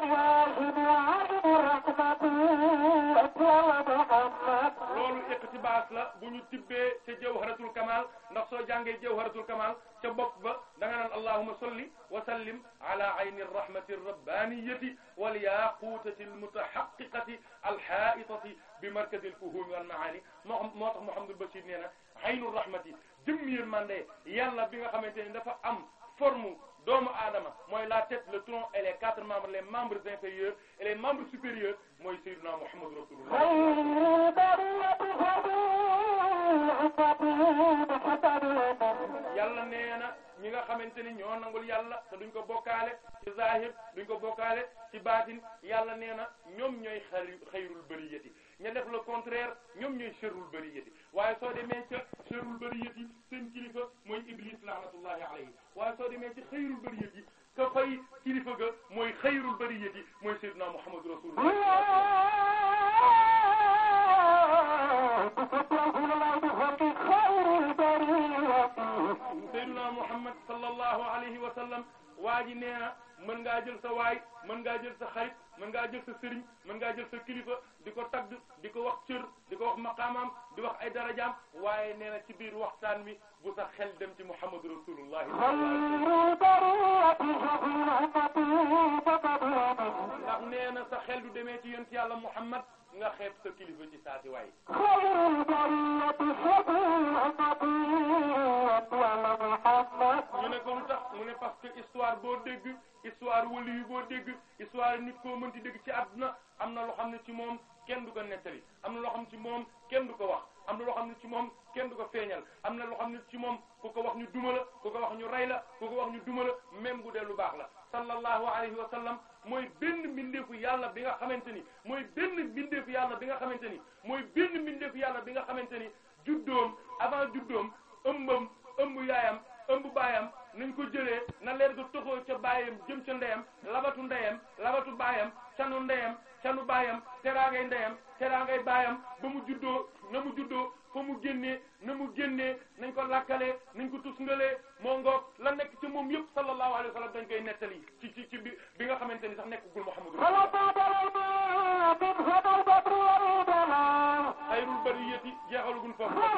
iqtibaas la bu ñu tibbee ca jawharatul kamal ndax soo jàngee jawharatul kamal ca bopp ba da nga naan allahuma salli wa sallim ala ayni rahmati rabbaniyati wal yaqutati al mutahaqiqati al haitati bi markazi al fuhumi wal maani moo moo tax Mouhamadul Bachir nee na aynu rahmati jëmm yéen man de yàlla bi nga xamante ne dafa am forme doomu aadama mooy la tête le tronc et les quatre membres le membres inférieurs et les membres supérieurs mooy Seydina Muhammad Rasulullah yàlla nee na ñi nga xamante ni ñoo nangul yàlla te duñ ko bokkaale ci zahir duñ ko bokkaale ci baatin yàlla nee na ñoom ñooy xayrul bariyati ña def le contraire ñoom ñooy sharrul bariyati waaye soo demee ca sharrul bariyati seen kilifa mooy iblis laanatullahi alayhi waaye soo demee ci xayrul bariyati ka fay kilifa ga mooy xayrul bariyati mooy sayyidina muhammadu rasulullah sayyidina muhammad sallallahu alayhi wa sallam waa ji nee mën ngaa jël sa waay mën ngaa jël sa xarit mën ngaa jël sa sëriñ mën ngaa jël sa kilifa di ko tagg di ko wax cër di ko wax maqaamaam di wax ay darajaam waaye nee na ci biir waxtaan mi bu sa xel dem ci muhammadu rasulullah ndax nee na sa xel du demee ci si yàlla muhammad nga xeeb sa kilifa ci saa si waay. ñu ne ko a tax mu ne parce que histoire boo dégg histoire wali yu boo dégg histoire nit koo mënti dégg ci àdduna am na loo xam ne ci moom kenn du ko nettali am na loo xam ne ci moom kenn du ko wax am na loo xam ne ci moom kenn du ko feeñal am na loo xam ne ci moom ku ko wax ñu duma ku ko wax ñu rey la ku ko wax ñu duma la même bu dee lu baax la sallallahu alayhi wa mooy benn mbindeefu yàlla bi nga xamante ni mooy benn mbindeefu yàlla bi nga xamante ni mooy benn yàlla bi nga xamante ni juddoom avant juddoom ëmbam ëmb yaayam ëmb baayam nañ ko jëlee na leer ga toxoo ca baayam jëm ca ndeyam labatu ndeyam labatu baayam canu ndeyam canu baayam teraangay ndeyam teraangay baayam ba mu juddoo na mu juddoo fa mu génnee na mu génnee nañ ko lakkalee nañ ko tusngalee moo ngoog la nekk ci moom yëpp sallallahu alayhi wa sallam dañ koy nettali ci ci ci bi bi nga xamante ni sax nekkagul Muhammadu xayrul bariyati jeexalagul foofu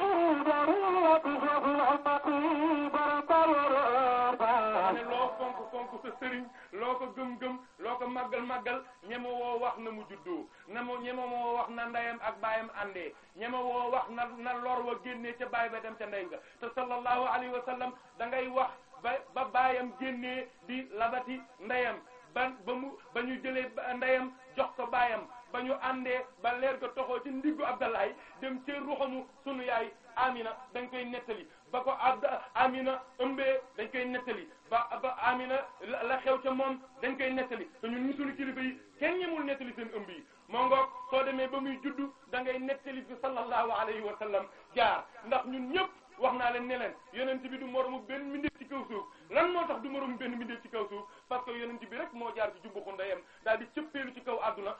loo fonk fonk sa sëriñ loo ko gëm-gëm loo ko màggal màggal ñema wax na mu juddoo na mu ñema woo wax na ndeyam ak baayam àndee ñema woo wax na na lor wa génnee ca baay ba dem ca ndey nga te sallallahu alayhi wa sallam da ngay wax ba ba baayam génnee di labati ndeyam ba ba mu ba ñu jëlee ndeyam jox ko baayam ba ñu àndee ba leer ko toxoo ci ndiggu Abdalaay dem ci ruxamu sunu yaay Amina dañ koy nettali ba ko Abda Amina ëmbee dañ koy nettali ba Amina la xew ca moom nettali te ñun suñu kilifa yi kenn ñemul nettali seen ëmb yi moo ngoog ba muy juddu da ngay nettali bi sallallahu alayhi wa sallam jaar ndax ñun ñëpp wax naa leen ne leen yonent bi du moromu ci kaw ci kaw suuf parce que yonent bi rek moo jaar ci jumbaxu ndeyam daal di cëppeelu ci kaw àdduna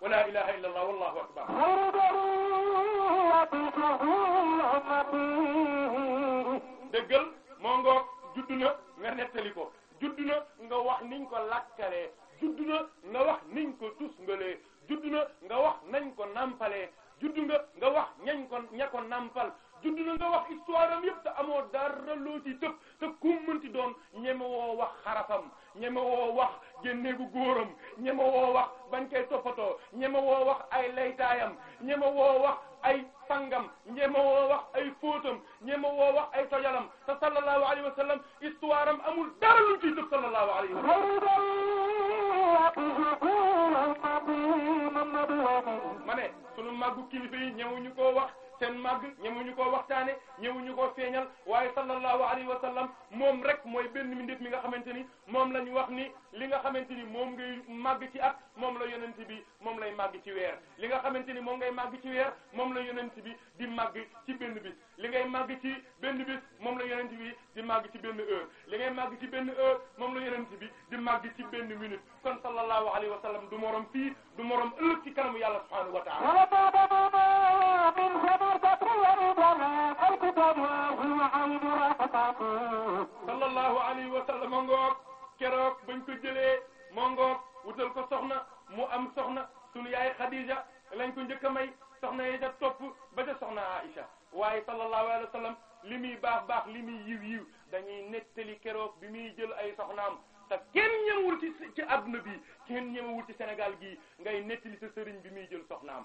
wa la ilaha illa allah wallahu akbar moo ngoog judd na nga nettali ko judd na nga wax niñ ko lakkalee judd na nga wax niñ ko tusngalee judd na nga wax nañ ko nampalee judd nga nga wax ñañ ko ña ko judd na nga wax histoire am yëpp te amoo dara loo ci tëb te ku mënti doon ñeme woo wax xarafam ñeme woo wax génneegu góoram ñeme woo wax bañ koy toppatoo ñeme woo wax ay laytaayam ñeme woo wax ay sangam ñema woo wax ay fóotam ñema woo wax ay tojalam te sallallahu alayhi wa sallam amul dara luñ ciy dëf sallallahu alayhi wa sunu màggu kilifa yi ñëwuñu koo wax seen màgg ko wax waxtaane ñëwuñu ko feeñal waaye sallallahu alayhi wa sallam moom rek mooy benn mi ndit mi nga xamante ni moom la wax ni li nga xamante ni moom ngay màgg ci at moom la yonent bi moom lay màgg ci weer li nga xamante ni moom ngay màgg ci weer moom la yonent bi di màgg ci benn bis li ngay màgg ci benn bi moom la yonent bi di màgg ci benn heure li ngay màgg ci benn heure moom la yonent bi di màgg ci benn minute kon sallallahu alayhi wa sallam du morom fii du morom ëllëg ci kanamu yàlla subhanahu wa ta'ala sallallahu alayhi wa sallam ngoog keroog bañ ko jëlee moo ngoog wutal ko soxna mu am soxna sunu yaay Khadija lañ ko njëkk a may soxna ya ca topp ba ca soxna Aïcha waaye sallallahu alayhi wa sallam li muy baax baax li muy yiw yiw dañuy nettali keroog bi muy jël ay soxnaam te kenn ñemewul ci ci adduna bi kenn ñemewul ci Sénégal gi ngay nettali sa sëriñ bi muy jël soxnaam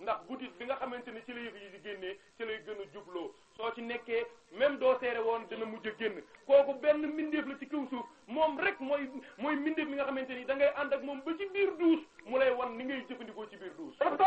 ndax boutique bi nga xamante ni ci la yëf yi di génnee ci lay gën jubloo soo ci nekkee même doo seere woon dina mujj a génn kooku benn mbindeef la ci kaw suuf moom rek mooy mooy mbindeef bi nga xamante ni da ngay ànd ak moom ba ci biir duus mu lay wan ni ngay jëfandikoo ci biir duus sallallahu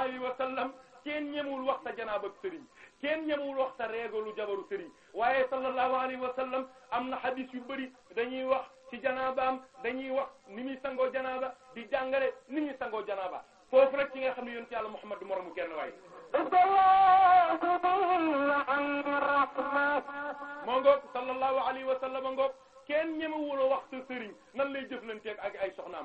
alayhi wa sallam kenn ñemewul wax sa janaab ak sëriñ kenn ñemewul wax sa reegalu jabaru sëriñ waaye sallallahu alayhi wa sallam am na hadis yu bëri dañuy wax ci janaabaam dañuy wax ni muy sangoo janaaba di jàngale ni muy sangoo janaaba foofu rek ci nga xam ne yonent Yàlla Muhammad du moromu kenn waaye moo ngoog sallallahu alayhi wa sallam ngoog kenn ñemewul a wax sa sëriñ nan lay jëflanteeg ak ay soxnaam.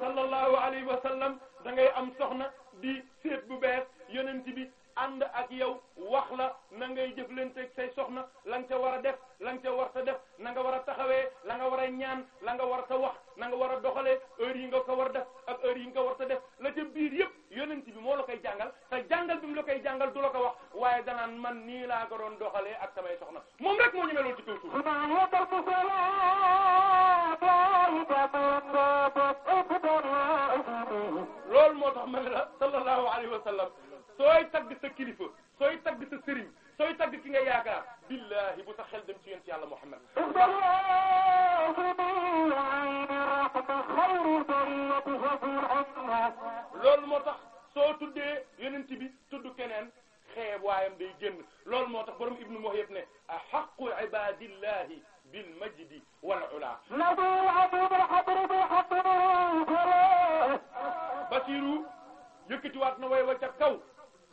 sallallahu alayhi wa sallam da am soxna di seet bu bees yonent bi ànd ak yow wax la na ngay jëflanteeg say soxna la se war a def la nga war sa def na nga war a taxawee la nga war a ñaan la nga war sa wax na nga war a doxalee heure yi nga ko war def ak heure yi ko war sa def la ca biir yëpp yonent bi moo la koy jàngal sa jàngal bi mu la koy jàngal du la ko wax waaye danaan man nii laa ko doon doxalee ak samay soxna moom rek moo ñu meloon ci kaw suuf loolu moo tax ma ne la sallallahu alayhi wa sallam sooy tagg sa kilifa sooy tagg sa sëriñ sooy tagg ki nga yaakaar billahi bu sa xel dem ci yonent a Muhammad loolu moo tax soo tuddee yonent bi tudd keneen xeeb waayam day génn loolu moo tax borom ibnu Muhyib ne ahaqqu ibadillahi bil majdi wal ula basiru yëkkatiwaat na way wa ca kaw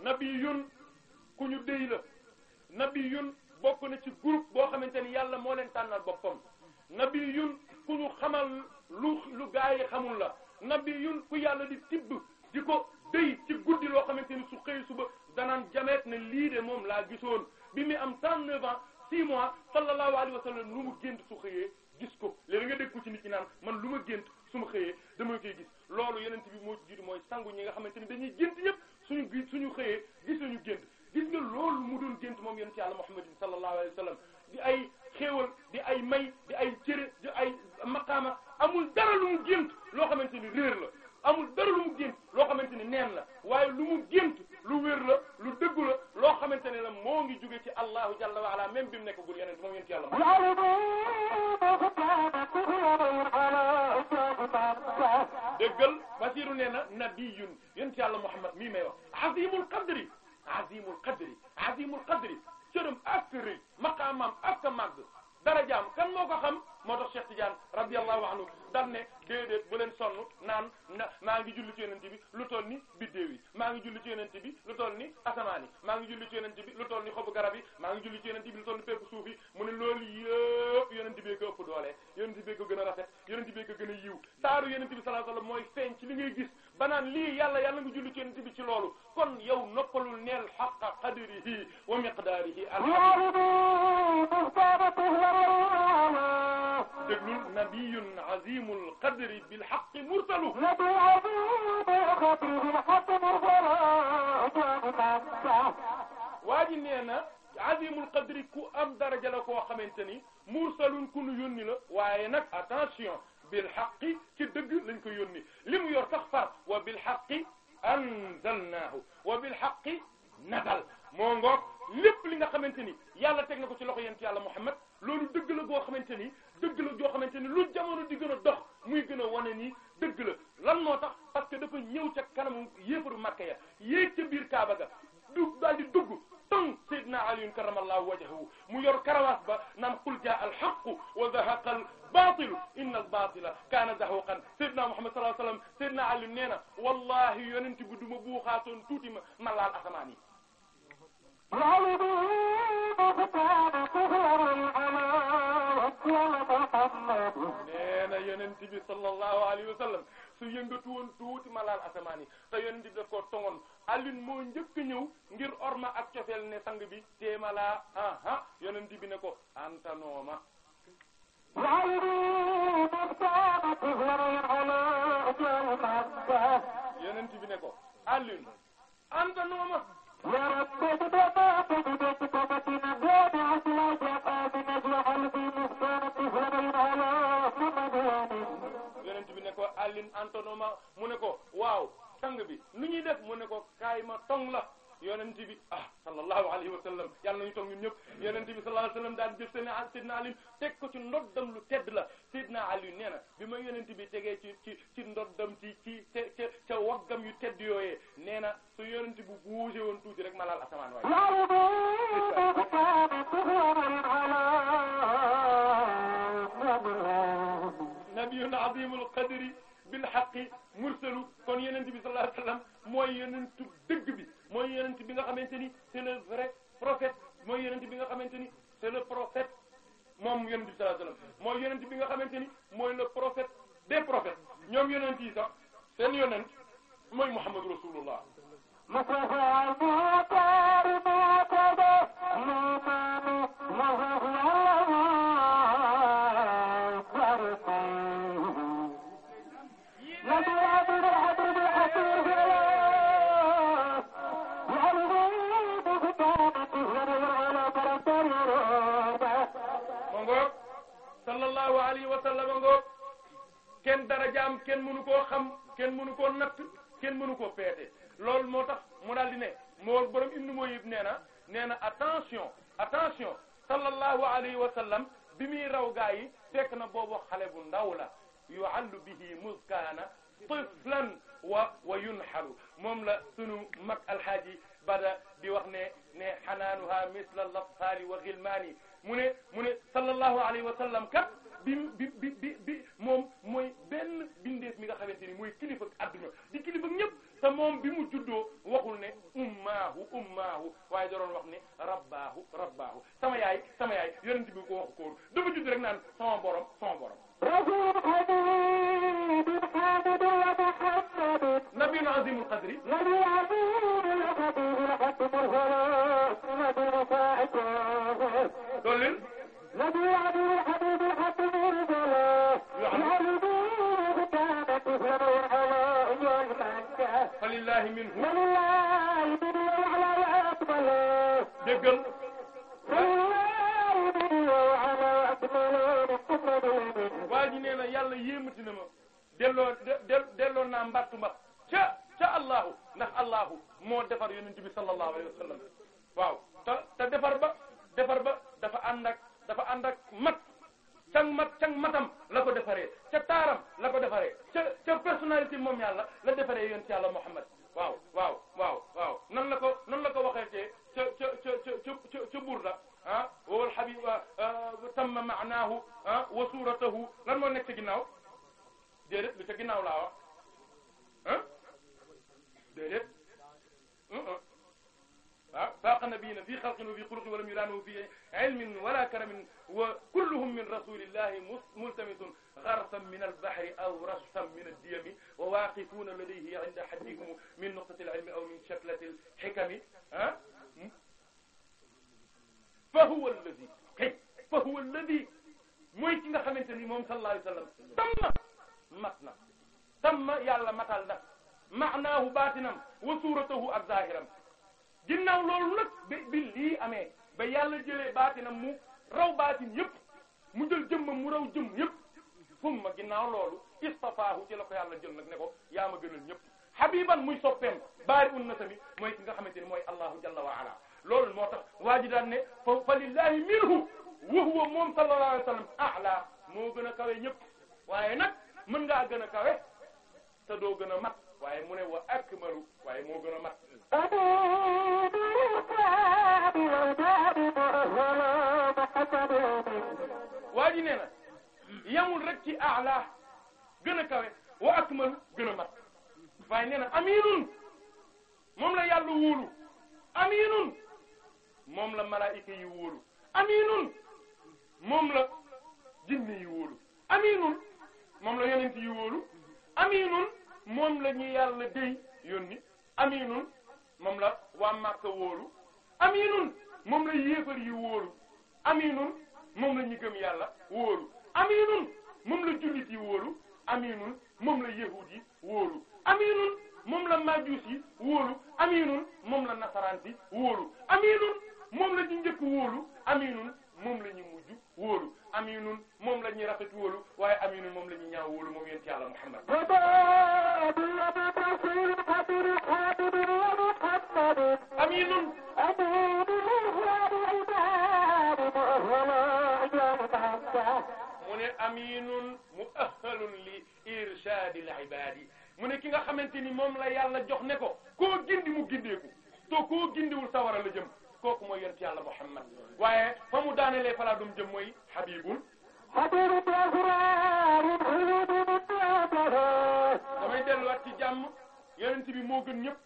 nabiyun ku ñu déy la nabiyun bokk na ci groupe boo xamante ni yàlla moo leen tànnal boppam nabiyun ku ñu xamal lu lu gaa yi xamul la nabiyun ku yàlla di tibb di ko déy ci guddi loo xamante ni su xëy suba danaan jameet ne lii de moom laa gisoon bi muy am 39 ans si mois sallallahu alayhi wa sallam lu mu gént su xëyee gis ko léegi nga dégg ko ci nit ñi man lu ma gént su ma xëyee dama koy gis loolu yenent bi moo ci jiitu mooy sangu ñi nga xamante ni dañuy gént ñëpp suñu gi suñu xëyee gis nañu gént gis nga loolu mu doon gént moom yonent yàlla Muhammad sallallahu alayhi wa sallam di ay xéewal di ay may di ay cëre di ay maqaama amul dara lu mu gént loo xamante ni réer la amul dara lu mu gént loo xamante ni neen la waaye lu mu gént lu wér la lu dëggu la loo xamante ne la moo ngi jóge ci allahu jalla wa ala même bi mu nekkagul yeneen moom yonent yàlla papa déggal Basiru nee na nabiyun yonent yàlla Muhammad mii may wax azimul qadri azimul qadri azimul qadri cërëm asri maqaamam ak màgg darajaam kan moo ko xam moo tax Cheikh Tidiane radiyallahu anhu daf ne déedéet bu leen sonn naan na maa ngi julli ci yonent bi lu toll ni biddéew yi maa ngi julli ci yonent bi lu toll ni asamaan yi maa ngi julli ci yonent lu toll ni xobu garab yi maa ngi julli ci yonent bi lu toll ni peppu suuf yi mu ne loolu yëpp yonent bi ko ëpp doole yonent ko gën a rafet yonent ko gën a yiw taaru yonent bi sallallahu mooy feeñ ci li ngay gis ba naan lii yàlla yàlla nga julli ci yonent ci loolu kon yow noppalul neel déglul nabiyun azimul qadri bil haqqi mursalu waa ji nee na azimul qadri ku am daraja la koo xamante ni mursalun ku nu yónni la waaye nag attention bil haqqi ci dëgg lañ ko yónni li mu yor sax far wa bil haqqi anzalnaahu wa bil haqqi nazal moo ngoog lépp li nga xamante ni yàlla teg na ko ci loxo yent yàlla Muhammad loolu dëgg la goo xamante ni dëgg la joo xamante ni lu jamono di gën a dox muy gën a wane ni dëgg la lan moo tax parce que dafa ñëw ca kanamu yéefaru Makka ya yéeg ca biir Kaaba ga du daal di dugg tong Seydina Aliyun karamallahu wajhahu mu yor karawaas ba naan qul jaa al haqqu wa zahaqa al baatilu inna al baatila kaana zahuqan Seydina Muhammad sallallahu alayhi wasallam Seydina Aliyun nee na wallahi yonent bi du ma buuxaatoon tuuti ma ma laal asamaan yi nee na yonent bi sallallahu alayhi wa sallam su yëngatu tuuti ma laal asamaan yi te yonent bi daf koo tongoon Alioune moo njëkk ñëw ngir orma ak ne sang bi téema laa aha yonent bi ne ko antanooma yonent bi ne ko Alioune antanooma yonent bi ne ko àllin antonoma mu ne ko waaw sang bi nu ñuy def mu ne ko kaay ma tong la yonent bi ah sallallahu alayhi wa sallam yàlla nañu toog ñun ñëpp yonent bi sallallahu alayhi wa sallam daal di jëf seen Seydina Ali teg ko ci ndoddam lu tedd la Seydina Ali nee na bi ma yonent bi tegee ci ci ci ndoddam ci ci ca ca ca waggam yu tedd yooyee nee na su yonent bu bougé woon tuuti rek ma laal asamaan waaye nabiyun azimul qadri bil haqqi mursalu kon yonent bi sallallahu alayhi wa sallam mooy yonentu dëgg bi mooy yonent bi nga xamante ni c'est le vrai prophète mooy yonent bi nga xamante ni c'est le prophète moom yonent bi sallallahu alayhi wasallam mooy yonent bi nga xamante ni mooy le prophète des prophètes ñoom yonent yi seen yonent mooy Muhammad rasulullah masaafa kenn darajaam kenn mënu koo xam kenn mënu koo natt kenn mënu koo peete loolu moo tax mu daal di ne moo borom Ibnu Muhib nee na nee na attention attention sallallahu alayhi wa sallam bi muy raw gaa yi fekk na boobu xale bu ndaw la yu'allu bihi muskaana tiflan wa wa yunhalu moom la sunu mag alhaaji bada di wax ne ne xanaanuha misla al-atfaali wa ghilmaani mu ne mu ne sallallahu alayhi wa sallam kat bi bi bi bi bi moom mooy benn bindeef mi nga xamante ni mooy kilifa adduna di kilifa ñëpp te moom bi mu juddoo waxul ne ummaahu ummaahu waaye da doon wax ne rabbaahu rabbaahu sama yaay sama yaay yonent bi ko waxu ko dafa judd rek naan sama borom sama borom nabiyun azimul qadri dolil فلله منه فلله منه على أكمله دقل فلله منه على أكمله مقصد منه واجي نينا يالا يمتنا ما دلو دلو نا مباتو مبات شاء شاء الله نح الله مو دفر ينتبه صلى الله عليه وسلم واو تا دفر با دفر با دفع عندك دفع عندك مت ca mat ca matam la ko defaree ca taaram la ko defaree ca ca personnalité moom yàlla la defaree yonent yàlla Muhammad waaw waaw waaw waaw nan la ko nan la ko waxee ca ca ca ca ca ca burda ah wal habib tamma ma'nahu ah? wa suratahu lan moo nekk ca ginnaaw déedéet lu ca ginnaaw laa wax ah déedéet ah saaqa nabiyina fii xalqin wa fii xuluqin wa lam yulaanu fii ilmin wala karamin wa kulluhum min rasulillahi multamisun xarsan min albahri aw rassan min addiyami wa waaqifuuna ladayhi inda haddihim min nuqtati alilmi aw min shaklati alhikami ah hmm? fa huwa alladi kay fa huwa alladi mooy ki nga xamante ni moom sallallahu alayhi wa sallam tamma mat na tamma yàlla matal na maanaahu baatinam wa suuratahu ak zaahiram ginnaaw loolu nag ba bi lii amee ba yàlla jëlee baatinam mu raw baatin yëpp mu jël jëmmam mu raw jëmm yëpp summa ginnaaw loolu istafaahu ci la ko yàlla jël nag ne ko yaa ma gënal ñëpp habiban muy soppeem baari un na tamit mooy ki nga xamante ni mooy allahu jalla wa ala loolu moo tax waa ji daan ne fa fa lillahi minhu wa huwa moom sallallahu alayhi wasallam a'la moo gën a kawe ñëpp waaye nag mën ngaa gën a kawe te doo gën a mat waaye mu ne wa akmalu waaye moo gën a mat waa ji nee na yamul rek ci ala gën a kawe wa akmalu gën a mat waaye nee na aminun moom la yàlla wóolu aminun moom la malaayika yi wóolu aminun moom la jinne yi wóolu aminun moom la yonent yi wóolu aminun moom la ñu yàlla déy yónni aminun moom la waa Makka wóolu aminun moom la yéefar yi wóolu aminun moom la ñu gëm yàlla wóolu aminun moom la jullit yi wóolu aminun moom la yahuud yi wóolu aminun moom la majuus yi wóolu aminun moom la nasaraan yi wóolu aminun moom la ñu njëkk wóolu aminun moom la ñu mujj wóolu aminun moom la ñuy rafet wóolu waaye aminun moom la ñu ñaaw wóolu moom yéen yàlla Muhammad أمين أدعو بالله والعباد مؤهل يوم mu ne aminun muahalun li irshadil ibadi mu ne ki nga xamante ni moom la yàlla jox ne ko koo gindi mu gindeeku to koo gindiwul sawara la jëm kooku mooy yent yàlla muhammad waaye fa mu daanelee falaa dum jëm mooy habibun damay delluwaat ci jàmm yonent bi moo gën ñëpp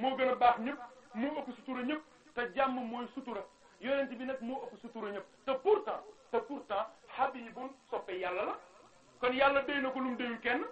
moo gën a baax ñëpp moo ëpp sutura ñëpp te jàmm mooy sutura yonent bi nag moo ëpp sutura ñëpp te pourtant te pourtant habibun soppe yàlla la kon yàlla day na ko lu mu dayul kenn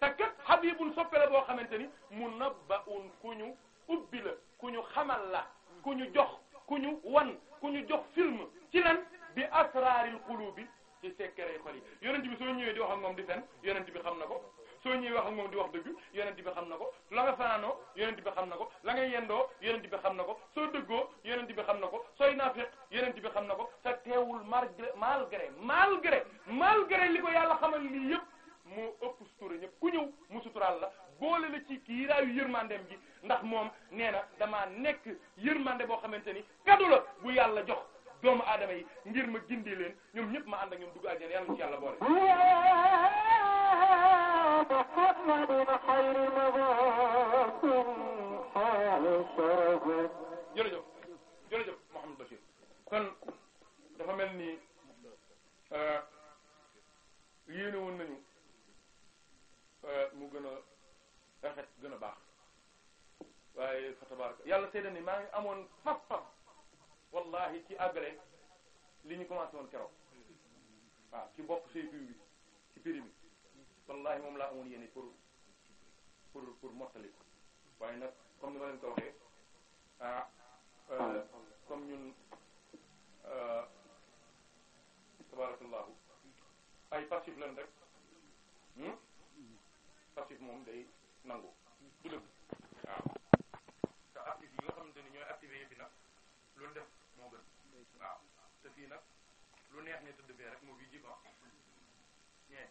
te kat habibun soppe la boo xamante ni munabbaun ku ñu ubbi la ku ñu xamal la ku ñu jox ku ñu wan ku ñu jox film ci lan bi asraaril qulubi ci secret xol yi yonent bi soo ñëwee di wax ak moom di fen yonent bi xam na ko soo ñuy wax ak moom di wax dëgg yonent bi xam na ko la nga fanaanoo yonent bi xam na ko la nga yendoo yonent bi xam na ko soo dëggoo yonent bi xam na ko sooy naafiq yonent bi xam na ko te teewul malgré malgré malgré malgré li ko yàlla xamal lii yëpp moo ëpp sutura ñëpp ku ñëw mu suturaal la boole la ci kiiraayu yërmandeem gi ndax moom nee na damaa nekk yërmande boo xamante ni kaddu la bu yàlla jox doomu adama yi ngir ma gindi leen ñoom ñëpp ma ànd ak ñoom dugg àjjana محمد خير مبعوث jërëjëf jërëjëf Mouhamadou Bachir kon dafa mel ni euh, yéene woon nañu euh, mu gën a rafet gën a baax waaye fa tabaraka yàlla seede ni maa ngi amoon faf faf wallahi ci àggale li ñu commencé woon keroog waaw ci bopp saytu bi ci périmètre wallaahi moom laa amoon yéene pour pour pour mottali ko waaye nag comme ni ma leen ko waxee ah euh, comme ñun euh, tabarakallahu ay passif lan rek hmm? passif moom day nangu du dëgg waaw te actif yi nga xamante ni ñooy activé yëpp nag lu def moo fii nag lu neex ne tëdd fee rek moo fi jib ah ñee